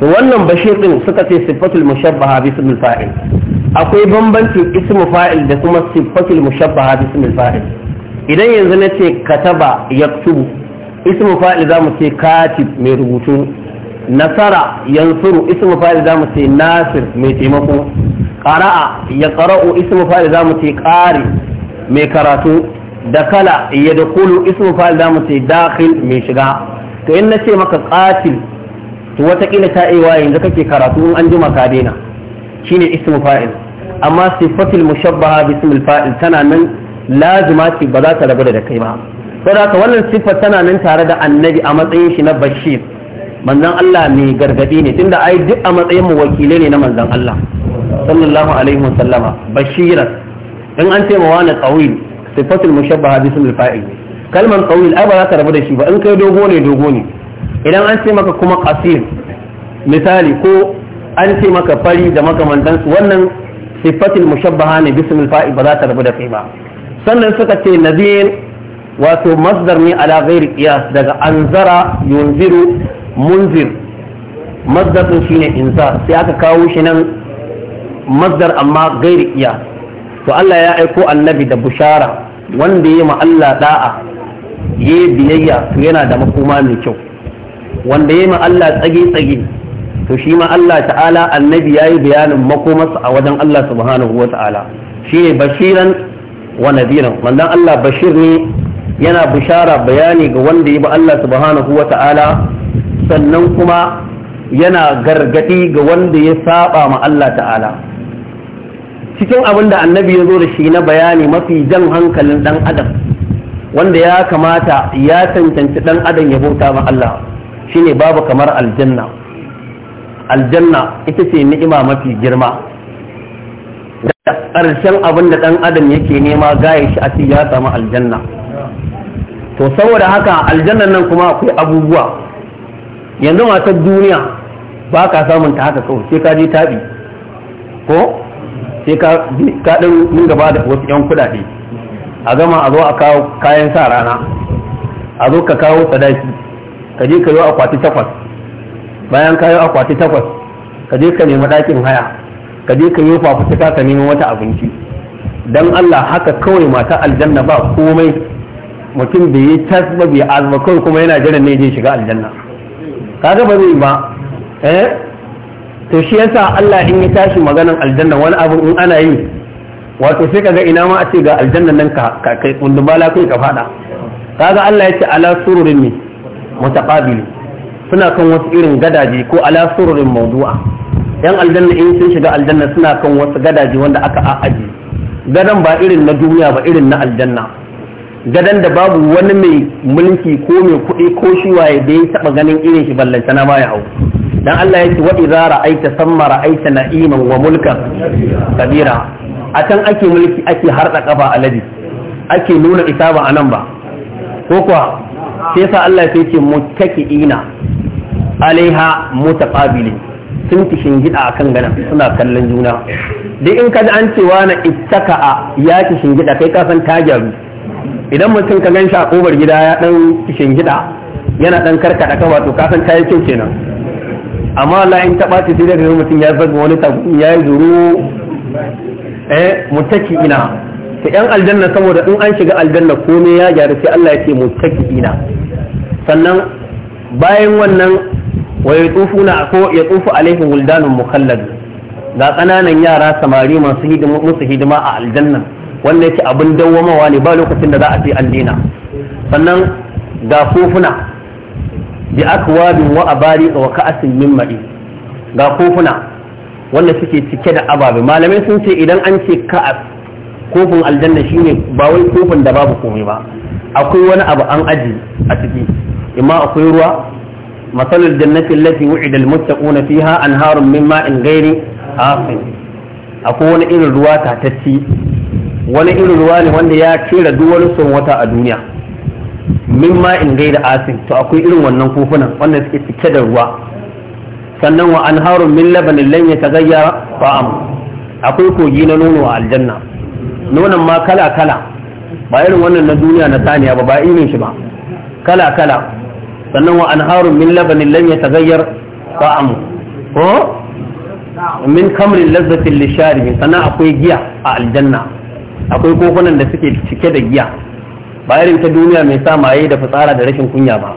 to wannan bashir din suka ce sifatul mushabbaha bi ismil fa'il akwai bambancin ismu fa'il da kuma sifatul mushabbaha bi ismil fa'il idan yanzu na ce kataba yaktubu ismu fa'il zamu ce katib mai rubutu nasara yansuru ismu fa'il zamu ce nasir mai taimako qara'a ya qara'u ismu fa'il zamu ce qari mai karatu dakala ya da kulu ismu fa'il da mace dakhil mai shiga to in nace maka qatil to watakila ta iya yanzu kake karatu in an jima ka daina shine ismu fa'il amma sifatul mushabbaha bi ismil fa'il tana nan lazima ce ba za ta rabu da kai ba saboda wannan sifa tana nan tare da annabi a matsayin shi na bashir manzon Allah mai gargadi ne tunda ai duk a matsayin mu wakilai ne na manzon Allah sallallahu alaihi wasallama bashiran in an ce ma wani tsawil sifatul mushabbaha bi ismil fa'il kalman tawil ai ba za ka rabu da shi ba in kai dogo ne dogo ne idan an ce maka kuma qasir misali ko an ce maka fari da makamantansu wannan sifatul mushabbaha ne bi ismil ba za ta rabu da kai ba sannan suka ce nadir wato masdar ne ala ghairi qiyas daga anzara yunziru munzir masdar shine inza sai aka kawo shi nan masdar amma ghairi qiyas to Allah ya aiko annabi da bushara wanda ya ma Allah da'a ya biyayya to yana da makoma mai kyau wanda ya ma Allah tsage-tsage to shi ma Allah ta'ala annabi ya yi bayanin makomarsa a wajen Allah subhanahu wa ta'ala shi ne bashiran wa nadiran wanda Allah bashir ne yana bushara bayani ga wanda ya ba Allah subhanahu wa ta'ala sannan kuma yana gargadi ga wanda ya saba ma Allah ta'ala cikin abin da annabi ya zo da shi na bayani mafi jan hankalin dan adam wanda ya kamata ya cancanci dan adam ya bauta ma Allah shine babu kamar aljanna aljanna ita ce ni'ima mafi girma da ƙarshen abin da dan adam yake nema gaya shi a ci ya samu aljanna to saboda haka aljannan nan kuma akwai abubuwa yanzu matar duniya ba ka samun ta haka kawai sai ka je tabi ko sai ka ka ɗan min gaba da wasu 'yan kuɗaɗe a gama a zo a kawo kayan sa rana a zo ka kawo sadaki ka je ka yi akwati takwas bayan ka yi akwati takwas ka je ka nemi dakin haya ka je ka yi fafutuka ka nemi wata abinci don Allah haka kawai mata aljanna ba komai mutum da yi tas ba bai azba kawai kuma yana jiran ne je shiga aljanna kaga ba zai ba eh to shi yasa Allah in ya tashi maganar aljanna wani abu in ana yi wato sai kaga ina ma a ce ga aljanna nan ka kai kundin bala kai ka fada kaga Allah ya ce ala sururin ne mutaqabili suna kan wasu irin gadaje ko ala sururin mawdu'a yan aljanna in sun shiga aljanna suna kan wasu gadaje wanda aka a'aji gadan ba irin na duniya ba irin na aljanna gadan da babu wani mai mulki ko mai kuɗi ko shiwaye da ya taɓa ganin irin shi ballantana ma ya hau dan Allah yake wa idza ra'aita samma ra'aita na'iman wa mulkan kabira a can ake mulki ake harda kafa alade ake nuna isa ba nan ba ko kuwa sai sa Allah sai ce muttaqiina alaiha mutaqabilin sun ki shingida kan gana suna kallon juna duk in kaji an cewa na a ya ki shingida kai kasan san ta gyaru idan mutum ka gan shi a kobar gida ya dan ki shingida yana dan karkada kafa to ka san ta yi kyau kenan amma layin in ta ce sai daga mutum ya zaga wani takuɗi ya yi zuru eh mutaki ina ta yan aljanna saboda in an shiga aljanna ne ya gyara sai Allah ya ce mutaki ina sannan bayan wannan wa ya tsufu na ko ya tsufu alaihim wuldanun mukallad ga ƙananan yara samari masu hidima musu hidima a aljanna wanda yake abin dawwamawa ne ba lokacin da za a ce allina sannan ga kofuna bi akwabin wa abari wa ka'asin min ma'i ga kofuna wanda suke cike da ababe malamai sun ce idan an ce ka'as kofin aljanna shine ba wai kofin da babu komai ba akwai wani abu an aji a ciki imma akwai ruwa masalul jannati allati wu'ida almuttaquna fiha anharun min ma'in ghairi afin akwai wani irin ruwa tatacci wani irin ruwa ne wanda ya kera duk wani son wata a duniya min ma in gaida asin to akwai irin wannan kofunan wanda suke cike da ruwa sannan wa anharun min labanin lan ya tagayyara fa'am akwai kogi na nono a aljanna nonon ma kala kala ba irin wannan na duniya na saniya ba ba irin shi ba kala kala sannan wa anharun min labanin lan ya tagayyar fa'am ko min kamrin lazzatin lishari sannan akwai giya a aljanna akwai kofunan da suke cike da giya ba irin ta duniya mai sa maye da fitsara da rashin kunya ba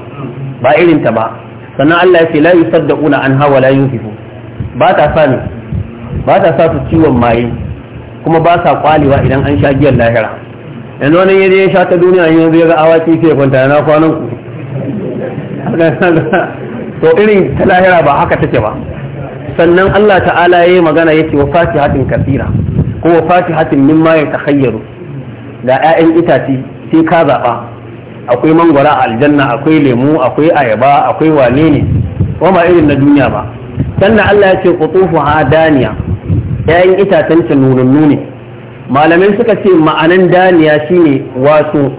ba irin ta ba sannan Allah ya ce la yusaddaquna an hawa la yunfifu ba ta sa ne ba ta sa su ciwon maye kuma ba sa kwalewa idan an sha giyar lahira yanzu wani yaje ya sha ta duniya yanzu ya ga awaki sai ya kwanta na kwanan ku *laughs* to irin ta lahira ba haka take ba sannan Allah ta'ala ya yi magana ya ce wa fatihatin kasira ko wa fatihatin mimma yatakhayyaru da ƴaƴan itace sai ka zaɓa akwai mangwara a aljanna akwai lemu akwai ayaba akwai wane ne ma irin na duniya ba sannan Allah ya ce qutufu ha daniya yayin itacen ta nunannu ne malamai suka ce ma'anan daniya shine wato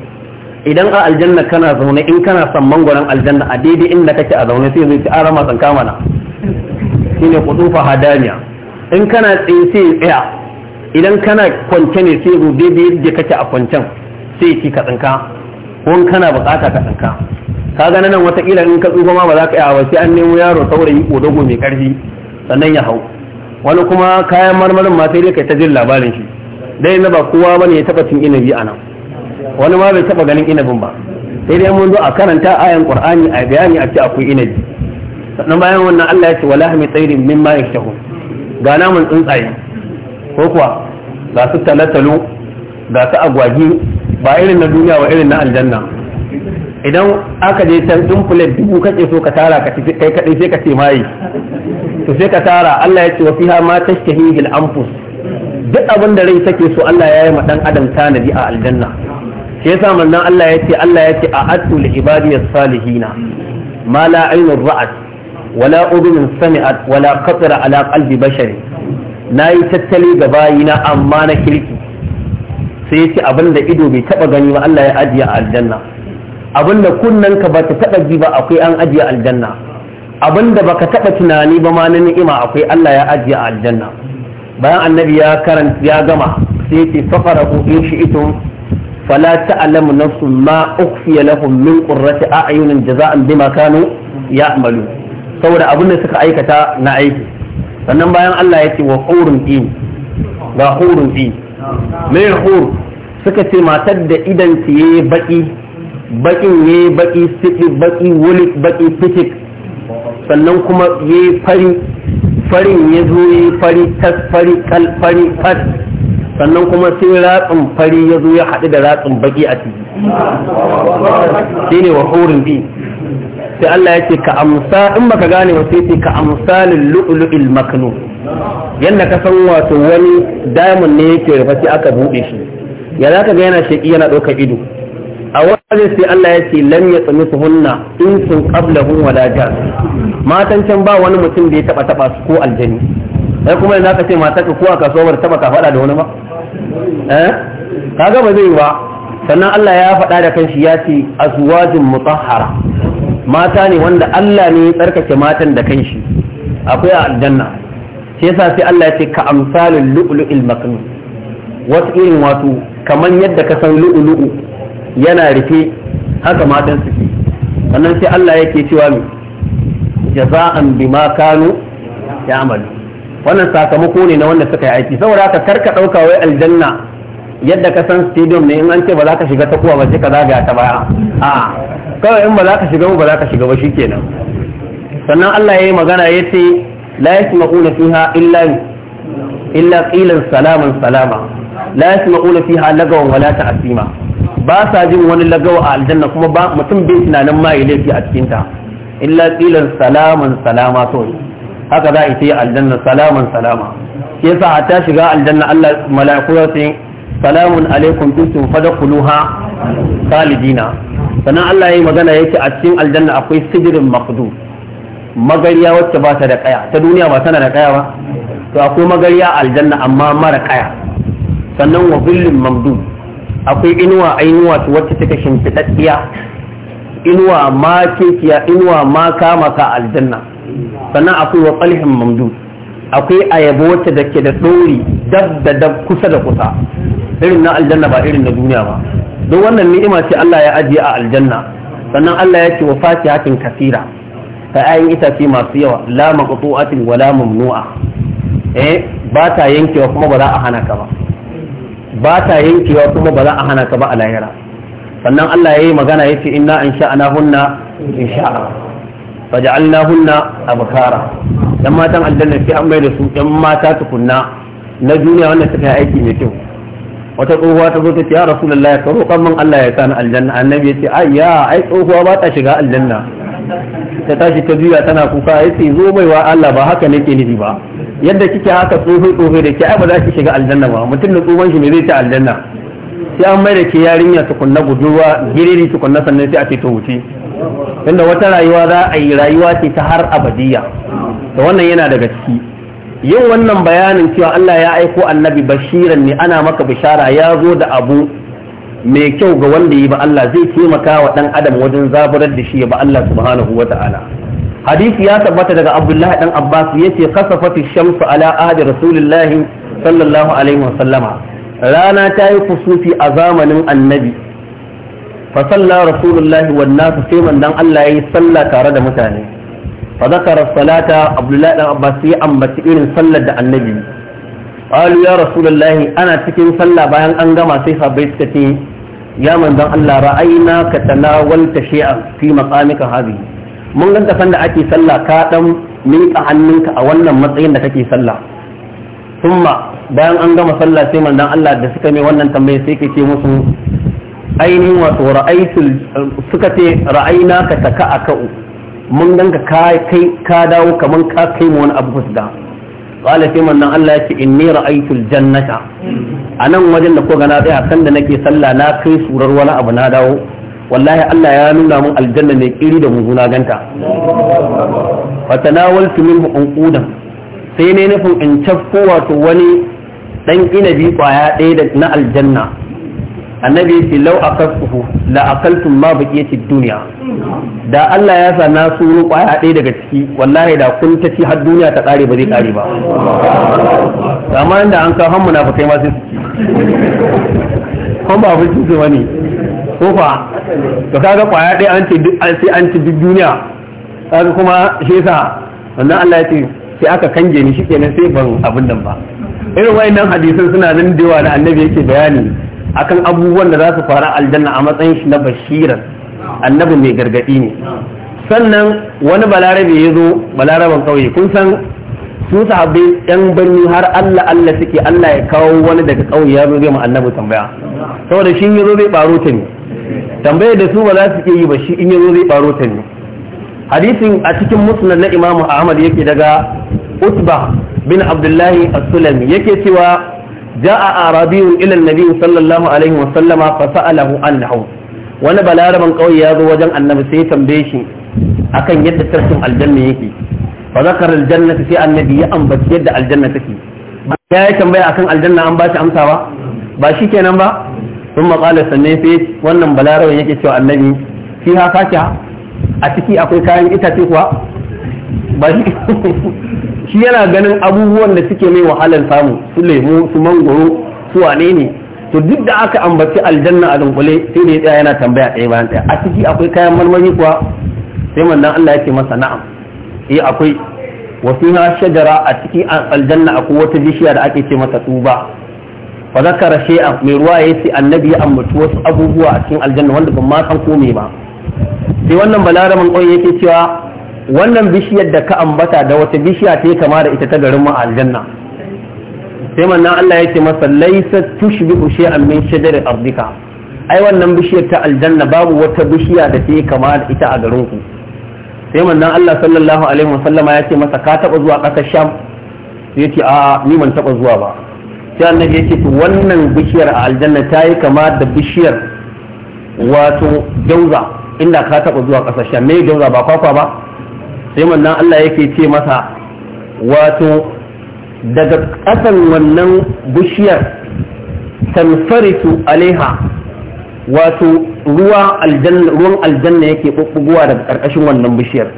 idan a aljanna kana zaune in kana son mangwaron aljanna a daidai inda kake a zaune sai zai ci arama tsanka mana shine qutufu ha daniya in kana tsaye sai tsaya idan kana kwance ne sai zo daidai yadda kake a kwancen sai ki ka tsinka ko kana bukata ka tsinka ka ga nan watakila in ka tsufa ma ba za ka yawa sai an nemo yaro saurayi kodogo mai karfi sannan ya hau wani kuma kayan marmarin ma sai dai kai ta jin labarin shi dai na ba kowa bane ya taba cin inabi a nan wani ma bai taba ganin inabin ba sai dai mun zo a karanta ayan qur'ani a bayani a ce akwai inabi sannan bayan wannan Allah ya ce wala hami tsairin ma yashtahu ga namun tsuntsaye ko kuwa ga su talatalo ga su agwagi ba irin na duniya ba irin na aljanna idan aka je can ɗin plate dubu kake so ka tara ka kai kaɗai sai ka ce mai to sai ka tara Allah ya ce wa fiha ma tashtahihi al-anfus duk abin da rai take so Allah ya yi ma dan adam tanadi a aljanna shi yasa manzon Allah ya ce Allah ya ce a'attu li ibadiyas salihina ma la aynur ra'at wala udhun sami'at wala qatara ala qalbi bashari nayi tattali ga bayina amma na kirki sai ya ce abin da ido bai taba gani ba Allah ya ajiye a aljanna abin da kunnen ka ba ta taba ji ba akwai an ajiye aljanna abin da baka taba tunani ba ma na ni'ima akwai Allah ya ajiye a aljanna bayan annabi ya karanta ya gama sai ya ce faqarahu in ito fala ta'lamu nafsun ma ukhfiya lahum min qurrati a'yunin jaza'an bima kanu ya'malu saboda abin da suka aikata na aiki sannan bayan Allah ya ce wa hurun in ga hurun in mai hur suka ce matar da idan ta yi baki bakin ya yi baki siti baki wuli baki fitik sannan kuma ya yi fari farin ya zo ya yi fari tas fari kal fari fat sannan kuma sai ratsin fari ya zo ya haɗu da ratsin baki a ciki shi ne wa hurin bi sai Allah ya ce ka amsa in baka gane wa sai ce ka amsalin lu'lu'il maknun yadda ka san wato wani diamond ne yake rufe sai aka buɗe shi ya za ka ga yana sheƙi yana ɗaukar ido a wajen sai Allah ya ce lam ya tsami su hunna in sun ƙabla hun wala matan can ba wani mutum da ya taɓa taɓa su ko aljani sai kuma yanzu aka ce mata ka ko a kasuwar taɓa ka faɗa da wani ba eh kaga ba zai ba sannan Allah ya faɗa da kanshi ya ce azwajun mutahhara mata ne wanda Allah ne ya tsarkake matan da kanshi akwai a aljanna shi yasa sai Allah ya ce ka amsalin lu'lu'il maknun wasu irin wato kamar yadda ka san lu'lu'u yana rufe haka matan suke sannan sai Allah yake cewa mu jaza'an bima kanu ya'malu wannan sakamako ne na wanda suka yi aiki saboda haka karka dauka wai aljanna yadda ka san stadium ne in an ce ba za ka shiga ta kuwa ba sai ka zagaya ta baya a kawai in ba za ka shiga ba za ka shiga ba shikenan sannan Allah ya yi magana ya ce la yasma'una fiha illa illa qilan salaman salama la yasma'una fiha lagawan wala ta'sima ba sa jin wani lagawa a aljanna kuma ba mutum bai tunanin ma laifi a cikin ta illa qilan salaman salama to haka za a yi aljanna salaman salama shi yasa a ta shiga aljanna Allah mala'iku za su salamun alaikum kuntum fadkhuluha khalidina sannan Allah ya yi magana yake a cikin aljanna akwai sidrin maqdud magariya wacce ba ta da kaya ta duniya ba tana da kaya ba to akwai magariya aljanna amma mara kaya sannan wa billin mamdu akwai inuwa ainuwa wacce take shimfiɗaɗɗiya inuwa ma kekiya inuwa ma kama ka aljanna sannan akwai wa qalhin mamdu akwai ayaba wacce da ke da ɗori dab da dab kusa da kusa irin na aljanna ba irin na duniya ba don wannan ni'ima ce Allah ya ajiye a aljanna sannan Allah ya ce wa fatihatin kasira ta itace masu yawa la maqtu'atin wala mamnu'a eh ba ta yankewa kuma ba za a hana ka ba ba ta yankewa kuma ba za a hana ka ba a lahira sannan Allah yayi magana yace inna ansha'na hunna insha'a faj'alna hunna abkara dan matan aljanna sai an bai da su dan mata tukunna na duniya wanda suka yi aiki mai kyau wata tsohuwa ta zo ta ce ya rasulullahi ka roƙan min Allah ya sani aljanna annabi ya ce ai ya ai tsohuwa ba ta shiga aljanna ta tashi ta juya tana kuka ce zo mai wa Allah ba haka nake nufi ba yadda kike haka tsofe tsofe da ke ai ba za ki shiga aljanna ba mutum da tsohon shi ne zai ta aljanna sai an mai da ke yarinya tukunna gudurwa, giriri tukunna sannan sai a ce ta wuce inda wata rayuwa za a yi rayuwa ce ta har abadiya da wannan yana daga ciki yin wannan bayanin cewa Allah ya aiko annabi bashiran ne ana maka bishara ya zo da abu mai kyau ga wanda ya ba Allah zai taimaka wa dan adam wajen zaburar da shi ya ba Allah subhanahu wa ta'ala hadisi ya tabbata daga Abdullahi dan Abbas yace kasafati shamsu ala ahdi rasulillahi sallallahu alaihi wa sallama rana ta yi kusufi a zamanin annabi fa salla rasulullahi wan nasu sai manzon Allah yayi sallah tare da mutane fa zakara salata Abdullahi dan Abbas ya ambaci irin sallar da annabi قالوا يا رسول الله انا cikin sallah bayan an gama sai sahabbai suka ya manzon Allah ra'ayna ka tanawalta shay'an fi maqamika hadhi mun ganta san da ake sallah ka dan miƙa hannunka a wannan matsayin da kake sallah thumma bayan an gama sallah sai manzon Allah da suka mai wannan tambaye sai yake ce musu ainihin wato ra'aytul suka ce ra'ayna ka taka akau mun ganka ka kai ka dawo kaman ka kai mu wani abu da qala sai manzon Allah ya ce inni ra'aytul jannata a nan wajen da ko ga na tsaya san da nake sallah na kai surar wani abu na dawo wallahi Allah ya nuna mun aljanna ne kiri da muzuna ganta fatanawaltu minhu unqudan sai ne nufin in cafko wato wani dan inabi kwaya ɗaya na aljanna annabi ya ce lau akafuhu la akaltum ma baqiyatid dunya da Allah ya sa na suru kwaya ɗaya daga ciki wallahi da kun ta ci har duniya ta ƙare ba zai ƙare ba amma inda an kawo hannu na fa kai ma sai su ci kuma ba abin su wani ko fa to kaga kwaya ɗaya an ce sai an ci duk duniya kaga kuma shi yasa wannan Allah ya ce sai aka kange ni kenan sai ban abin nan ba irin wayannan hadisan suna nan da yawa da annabi yake bayani akan abubuwan da za su faru aljanna a matsayin shi na bashirar annabi mai gargadi ne sannan wani balarabe ya zo balaraban kauye kun san su sahabbai yan birni har Allah Allah suke Allah ya kawo wani daga kauye ya zo zai mu annabi tambaya saboda shi ya zo zai baro ta ne tambayar da su ba za su yi ba shi in ya zo zai baro ta ne hadisin a cikin musnad na Imam Ahmad yake daga Utba bin Abdullahi As-Sulami yake cewa جاء أعرابي إلى النبي صلى الله عليه وسلم فسأله عنه wani balaraban kawai ya zo wajen annabi sai ya tambaye shi akan yadda tarkin aljanna yake fa zakar aljanna sai annabi ya ambaci yadda aljanna take ya yi tambaya akan aljanna an bashi amsawa ba shi kenan ba sun maƙala sannan sai wannan balaraban yake cewa annabi fi ha a ciki akwai kayan itace kuwa ba shi shi yana ganin abubuwan da suke mai wahalar samu su lemu su mangoro su wane ne to duk da aka ambaci aljanna a dunkule sai da ya tsaya yana tambaya ɗaya bayan ɗaya a ciki akwai kayan marmari kuwa sai manzon Allah ya ce masa na'am eh akwai wasu na shajara a ciki aljanna akwai wata bishiya da ake ce masa tuba fa zakara shay'an mai ruwa ya ce annabi ya ambaci wasu abubuwa a cikin aljanna wanda ban ma san ko me ba sai wannan balaramin ƙauye yake cewa wannan bishiyar da ka ambata da wata bishiya ta yi kama da ita ta garin mu aljanna sai mannan Allah ya ce masa laisa tushbihu shay'an min shajari arzika, ai wannan bishiyar ta aljanna babu wata bishiya da ta yi kama da ita a garin ku sai mannan Allah sallallahu alaihi wasallama ya ce masa ka taba zuwa ƙasar Sham ya ce a ni ban taba zuwa ba sai annabi ya ce to wannan bishiyar a aljanna ta yi kama da bishiyar wato dauza inda ka taba zuwa ƙasar Sham me dauza ba kwakwa ba sai wannan Allah yake ce masa wato daga ƙasan wannan bishiyar tanfaritu alaiha wato aljanna ruwan aljanna yake bubbuguwa daga ƙarƙashin wannan bishiyar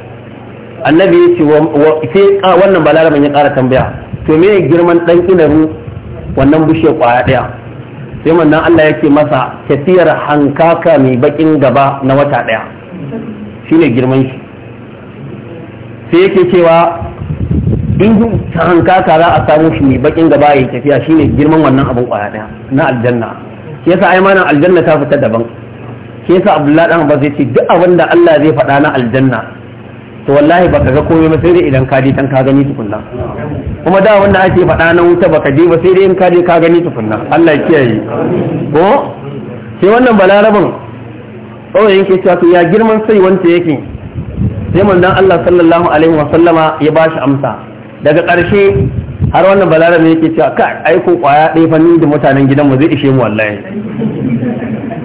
annabi ya ce sai wannan balaraban ya ƙara tambaya to me girman ɗan inaru wannan bishiyar kwaya ɗaya sai wannan Allah yake masa tafiyar hankaka mai bakin gaba na wata ɗaya shine girman shi sai yake cewa in hanka za a samu shi ne bakin gaba ya tafiya shine girman wannan abin kwaya daya na aljanna shi yasa ai malam aljanna ta fita daban shi yasa abdullahi dan abbas ce duk abin da Allah zai faɗa na aljanna to wallahi baka ga komai ba sai dai idan ka je tan ka gani tukunna kuma da wanda ake faɗa na wuta baka je ba sai dai in ka je ka gani tukunna Allah ya kiyaye ko sai wannan balarabin kawai yake cewa to ya girman sai wanda yake sai manzon Allah sallallahu alaihi wa sallama ya bashi amsa daga ƙarshe har wannan balarabe yake cewa ka aiko kwaya ɗaya fanni da mutanen gidan mu zai ishe mu wallahi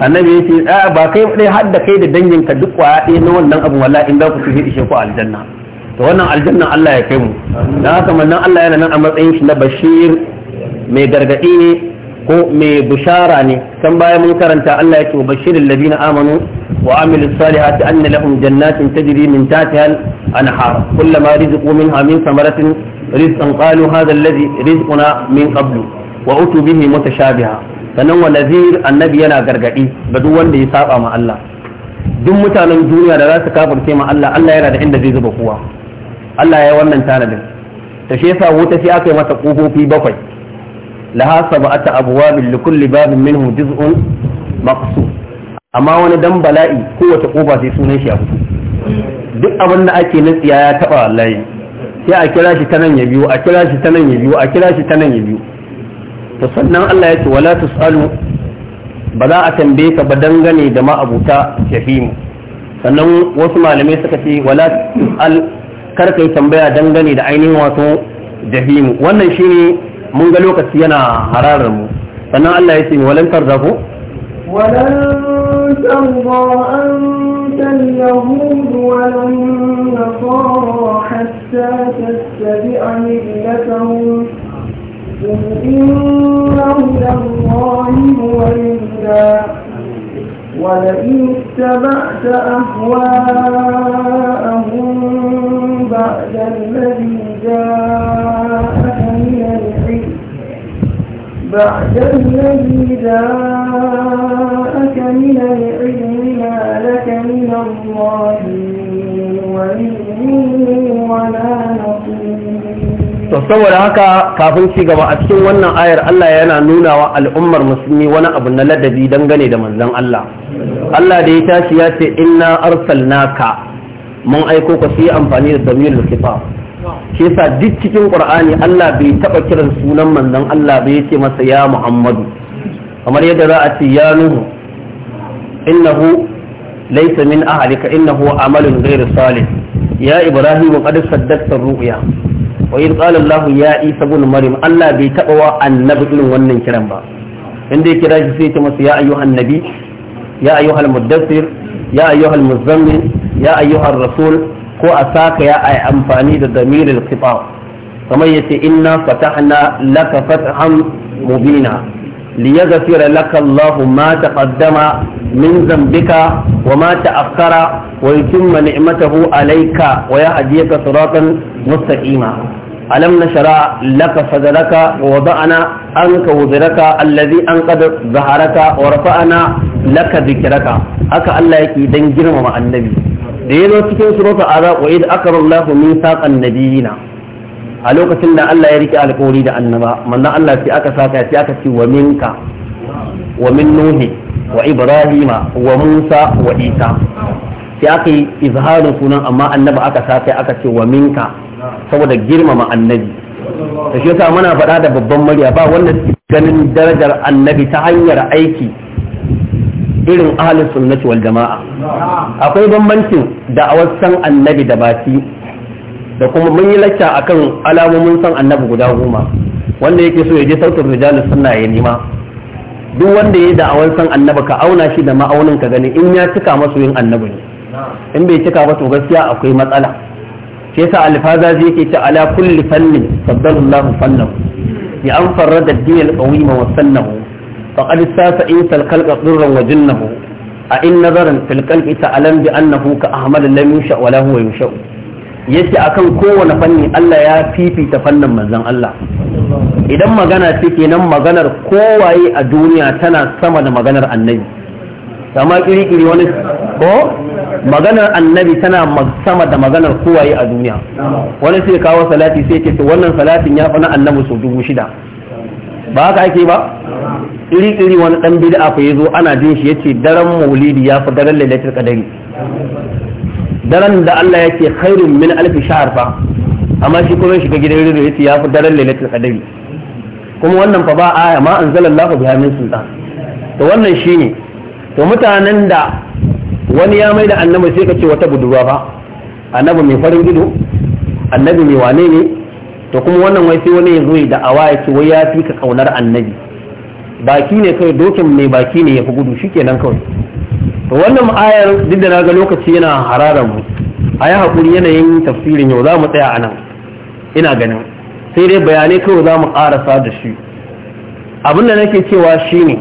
annabi ya ce a ba kai ɗaya har da kai da dangin ka duk kwaya ɗaya na wannan abu wallahi in za ku zai ishe ku aljanna to wannan aljanna Allah ya kai mu dan haka manzon Allah yana nan a matsayin shi na bashir mai gargadi ne ko mai bishara ne kan baya mun karanta Allah ya ce bashirin ladina amanu wa amilu salihati anna lahum jannatin tajri min tahtiha al-anhar kullama rizqu minha min samaratin rizqan qalu hadha alladhi rizquna min qablu wa utu bihi mutashabiha sannan wa nazir annabi yana gargadi ga duk wanda ya saba ma Allah duk mutanen duniya da za su kafirce ma Allah Allah yana da inda zai zuba kowa Allah ya wannan tanadin ta shi yasa wuta sai aka yi mata kofofi bakwai laha sab'ata abwabin li kulli babin minhum juz'un maqsum amma wani dan bala'i kowace kofa sai sunan shi a fito duk abin da ake na ya taba wallahi sai a kira shi ta nan ya biyu a kira shi ta nan ya biyu a kira shi ta nan ya biyu to sannan Allah ya ce wala tusalu ba za a tambaye ka ba dangane da ma'abuta shahimu sannan wasu malamai suka ce wala tusal kar kai tambaya dangane da ainihin wato jahimu wannan shine mun ga lokaci yana hararar mu sannan Allah ya ce walan tarza ko walan tarza anta yahud walan nasara hatta tattabi'a millatahum إن هدى الله هو الهدى ولئن اتبعت أهواءهم بعد الذي جاءك من العلم بعد الذي جاءك من العلم ما لك من الله ولا to saboda haka kafin ci gaba a cikin wannan ayar Allah yana nuna wa al'ummar musulmi wani abu na ladabi dangane da manzon Allah Allah da ya tashi ya ce inna arsalnaka mun aiko ka su amfani da damirul sifa shi yasa duk cikin qur'ani Allah bai taba kiran sunan manzon Allah bai yace masa ya Muhammadu kamar yadda za a ce ya Nuhu innahu laysa min ahlika innahu amalun ghairu salih ya Ibrahim qad saddaqta ru'ya wa in qala Allah ya Isa ibn Maryam Allah bai taba wa annabi irin wannan kiran ba inda ya kira shi sai ya ce masa ya ayyuhan nabi ya ayyuhal muddathir ya ayyuhal muzammil ya ayyuhar rasul ko a saka ya ai amfani da damirin kifa kamar ya ce inna fatahna laka fatahan mubina liyazafira laka Allahu mata ta ƙaddama min zambika wa mata ta afkara wa yutimma ni'matahu alayka wa ya ajiye ka suratan mustaqima alam na shara laka sadaraka wa wada'ana an ka wuziraka allazi an qada zaharaka wa rafa'ana laka zikiraka haka Allah yake dan girmama annabi da ya zo cikin surata azab wa id akarallahu mithaqan nabiyina a lokacin da Allah ya rike alƙawari da annaba manzon Allah sai aka saka sai aka ce wa minka wa min nuhi wa ibrahima wa musa wa isa sai aka yi izharin sunan amma annaba aka saka aka ce wa minka saboda girmama annabi da shi yasa muna faɗa da babban murya ba wanda ganin darajar annabi ta hanyar aiki irin ahalin sunnati wal jama'a akwai bambancin da'awar san annabi da baki da kuma mun yi lacca akan alamomin san annabi guda goma wanda yake so ya je sautin rijalus sunna ya nema duk wanda ya yi da'awar san annabi ka auna shi da ma'aunin ka gani in ya cika masu yin annabi ne in bai cika ba to gaskiya akwai matsala shi sa alfaza zai yake ta ala kulli fannin faddalullahu fannahu ya an farrada diyal qawima wa sannahu فقد استاس إنسى الخلق ضرا وجنه أئن نظرا في القلب تعلم بأنه كأحمد لم يشأ ولا هو يشأ yace akan kowane fanni Allah ya fifita fannin manzon Allah idan magana ce kenan maganar kowaye a duniya tana sama da maganar annabi kama kirikiri wani ko maganar annabi tana sama da maganar kowaye a duniya wani sai kawo salati sai ce wannan salatin ya fi na annabi sau dubu shida ba haka ake ba iri-iri wani dan bid'a ya zo ana jin shi yace daren maulidi ya fi daren lailatul qadari daren da Allah yake khairun min alf shahr fa amma shi kuma shiga gidan rido yace ya fi daren lailatul qadari kuma wannan fa ba aya ma anzalallahu biha min sultan to wannan shine to mutanen da wani ya mai da annabi sai ka ce wata budurwa fa annabi mai farin gido annabi mai wane ne to kuma wannan wai sai wani ya zo da awa ya ce wai ya fi ka kaunar annabi baki ne kai dokin mai baki ne ya fi gudu shikenan kawai to wannan ayar duk da naga lokaci yana hararan mu a yi haƙuri yanayin tafsirin yau za mu tsaya a nan ina ganin sai dai bayanai kawai za mu ƙarasa da shi abinda nake cewa shi ne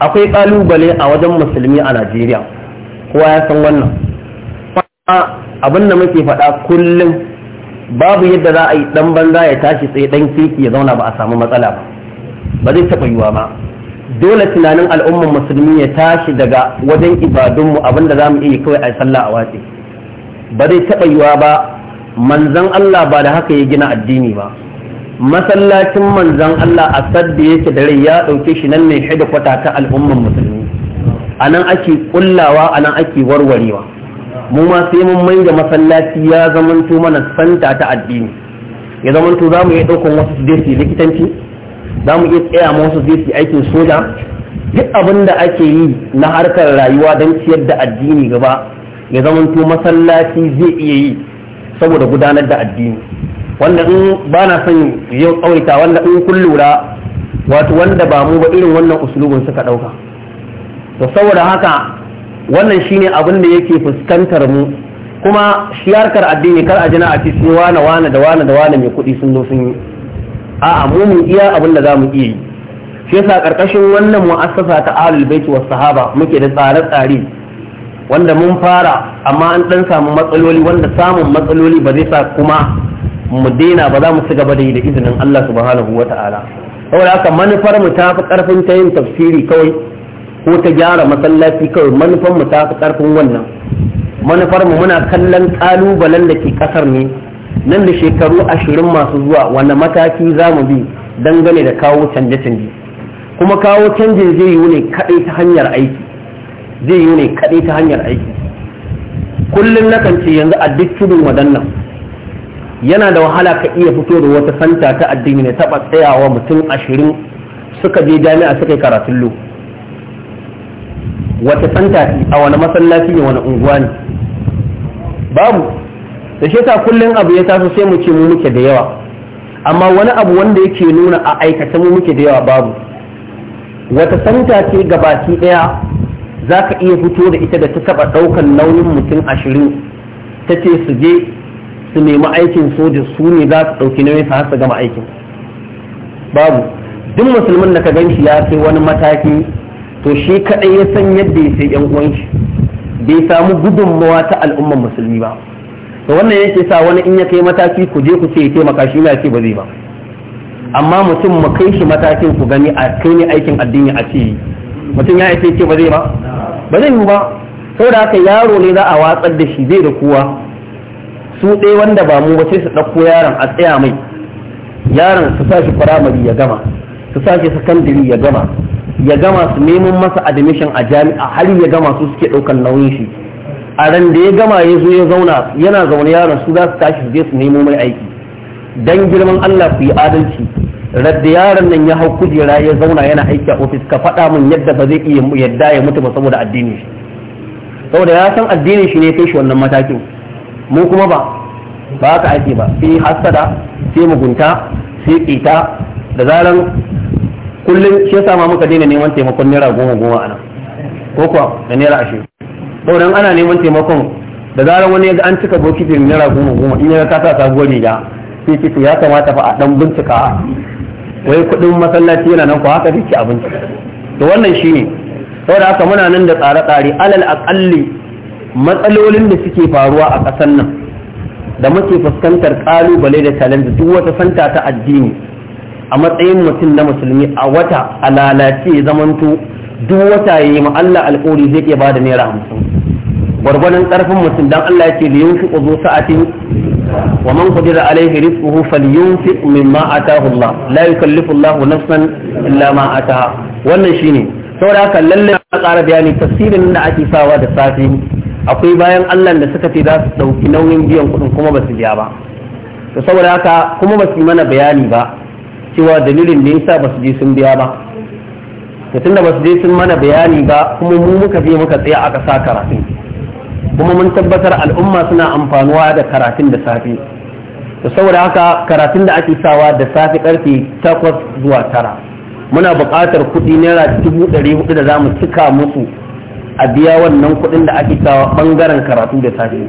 akwai ƙalubale a wajen musulmi a najeriya kowa ya san wannan abinda muke faɗa kullum babu yadda za a yi dan banza ya tashi tsaye dan kiki ya zauna ba a samu matsala ba ba zai taɓa yiwa ba dole tunanin al'ummar musulmi ya tashi daga wajen ibadunmu abinda za mu iya kawai a sallah a watsi ba zai taɓa yiwa ba manzan Allah ba da haka ya gina addini ba masallacin manzan Allah a sadda yake da rai ya ɗauke shi nan ne hidda kwata ta al'ummar musulmi a nan ake kullawa a nan ake warwarewa mu ma sai mun mai da masallaci ya zamanto mana santa ta addini ya zamanto za mu iya ɗaukan wasu su likitanci za mu iya tsaya ma wasu su su aikin soja duk abin da ake yi na harkar rayuwa don ciyar da addini gaba ya zamanto masallaci zai iya yi saboda gudanar da addini wanda in ba na son yau tsawaita wanda in kun lura wato wanda ba mu ba irin wannan usulubin suka ɗauka to saboda haka wannan shine abin da yake fuskantar mu kuma shi addini kar a jina a ce wane wane da wane da wane mai kuɗi sun zo sun yi a'a mu mun iya abin da za mu iya yi shi yasa karkashin wannan mu'assasa ta ahlul baiti was sahaba muke da tsare-tsare wanda mun fara amma an dan samu matsaloli wanda samun matsaloli ba zai sa kuma mu daina ba za mu ci gaba da yi da izinin Allah subhanahu wata'ala saboda haka manufar mu ta fi karfin ta yin tafsiri kawai ko ta gyara masallaci kawai manufar mu ta fi karfin wannan manufar mu muna kallon kalubalen da ke kasar ne nan da shekaru ashirin masu zuwa wanda mataki za mu bi dangane da kawo canje-canje kuma kawo canje zai yi ne kaɗai ta hanyar aiki zai yi ne kaɗai ta hanyar aiki kullum na kan ce yanzu a duk tudun waɗannan yana da wahala ka iya fito da wata santa ta addini ne taɓa tsayawa mutum ashirin suka je jami'a suka yi karatun lu. wata santa ce a wani masallaci ne wani unguwa ne babu da shi ta kullum abu ya taso sai mu ce mu muke da yawa amma wani abu wanda yake nuna a aikata mu muke da yawa babu wata santa ce ga baki daya za ka iya fito da ita da ta taba daukan nauyin mutum ashirin ta ce su je su nemi aikin soja su ne za su ɗauki nauyin su har su gama aikin babu duk musulmin da ka gan shi ya kai wani mataki to shi kaɗai ya san yadda ya sai yan uwan shi bai samu gudunmawa ta al'ummar musulmi ba to wannan yake sa wani in ya kai mataki ku je ku ce ya taimaka shi ya ce ba zai ba amma mutum mu kai shi matakin ku gani a kai ne aikin addini a ce mutum ya ce ce ba zai ba ba zai yi ba saboda haka yaro ne za a watsar da shi zai da kowa su ɗaya wanda ba mu ba sai su ɗauko yaron a tsaya mai yaron su sa shi firamare ya gama su sake secondary ya gama ya gama su neman masa admission a jami'a har ya gama su suke ɗaukan nauyin shi a ran da ya gama ya zo ya zauna yana zaune yaran su za su tashi su je su nemo mai aiki dan girman Allah ku yi adalci radda yaron nan ya hau kujera ya zauna yana aiki a ofis ka faɗa min yadda ba zai iya yadda ya mutu ba saboda addini shi saboda ya san addini shi ne kai shi wannan matakin mu kuma ba ba ka aiki ba sai hasada sai mugunta sai ita. da zaran kullum shi yasa ma muka daina neman taimakon naira goma goma a nan ko kuwa da naira ashirin sauran ana neman taimakon da zaran wani ya an cika bokitin naira goma goma in ya kasa sabuwar riga sai ce ya kamata fa a dan bincika wai kudin masallaci yana nan ko haka dace abinci to wannan shine saboda haka muna nan da tsare-tsare alal aqalli matsalolin da suke faruwa a ƙasar nan da muke fuskantar kalubale da challenge duk wata santa ta addini a matsayin mutum na musulmi a wata a lalace zamanto duk wata ya yi ma Allah alƙori zai iya bada naira hamsin gwargwadon ƙarfin mutum dan Allah ya ce li yunfi uzu sa'atin wa man qadira alayhi rizquhu falyunfi mimma ataahu Allah la yukallifu Allah nafsan illa ma ataha wannan shine saboda haka lalle a ƙara bayani tafsirin da ake sawa da safe akwai bayan Allah da suka ce za su ɗauki nauyin biyan kuɗin kuma ba su biya ba to saboda haka kuma ba su yi mana bayani ba cewa dalilin da yasa ba su je sun biya ba to tunda ba su je sun mana bayani ba kuma mu muka je muka tsaya aka sa karatun kuma mun tabbatar al'umma suna amfanuwa da karatun da safe to saboda haka karatun da ake sawa da safe karfe 8 zuwa 9 muna buƙatar kuɗi naira dubu ɗari da za mu cika musu a biya wannan kuɗin da ake sawa ɓangaren karatu da safe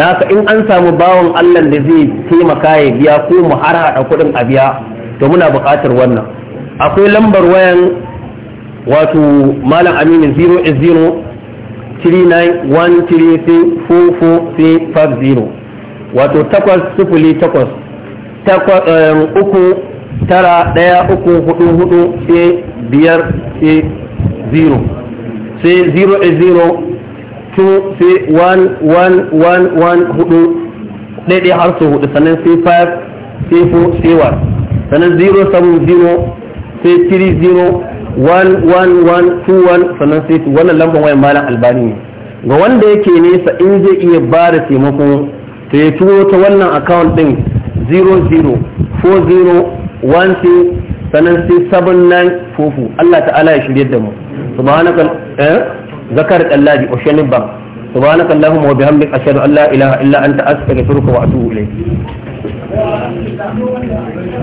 da haka in an samu bawan allah da zai taimaka ya biya ko mu harhaɗa kuɗin a biya to muna buƙatar wannan akwai lambar wayan wato malam aminu 080 3913344350 wato takwas um, uku tara ɗaya uku hudu hudu sai biyar sai zero sai zero zero two sai one one one one hudu har su hudu sannan sai five sai four sai sannan 070 sai 30 111 sannan sai wannan lambar wayan malam albani ne ga wanda yake nesa in zai iya ba da taimako ta ya turo ta wannan account din 00 40 sannan sai 7944 Allah ta'ala ya shirya da mu subhanaka eh zakar kallabi oceanic bank subhanaka allahumma wa bihamdika ashhadu an la ilaha illa anta astaghfiruka wa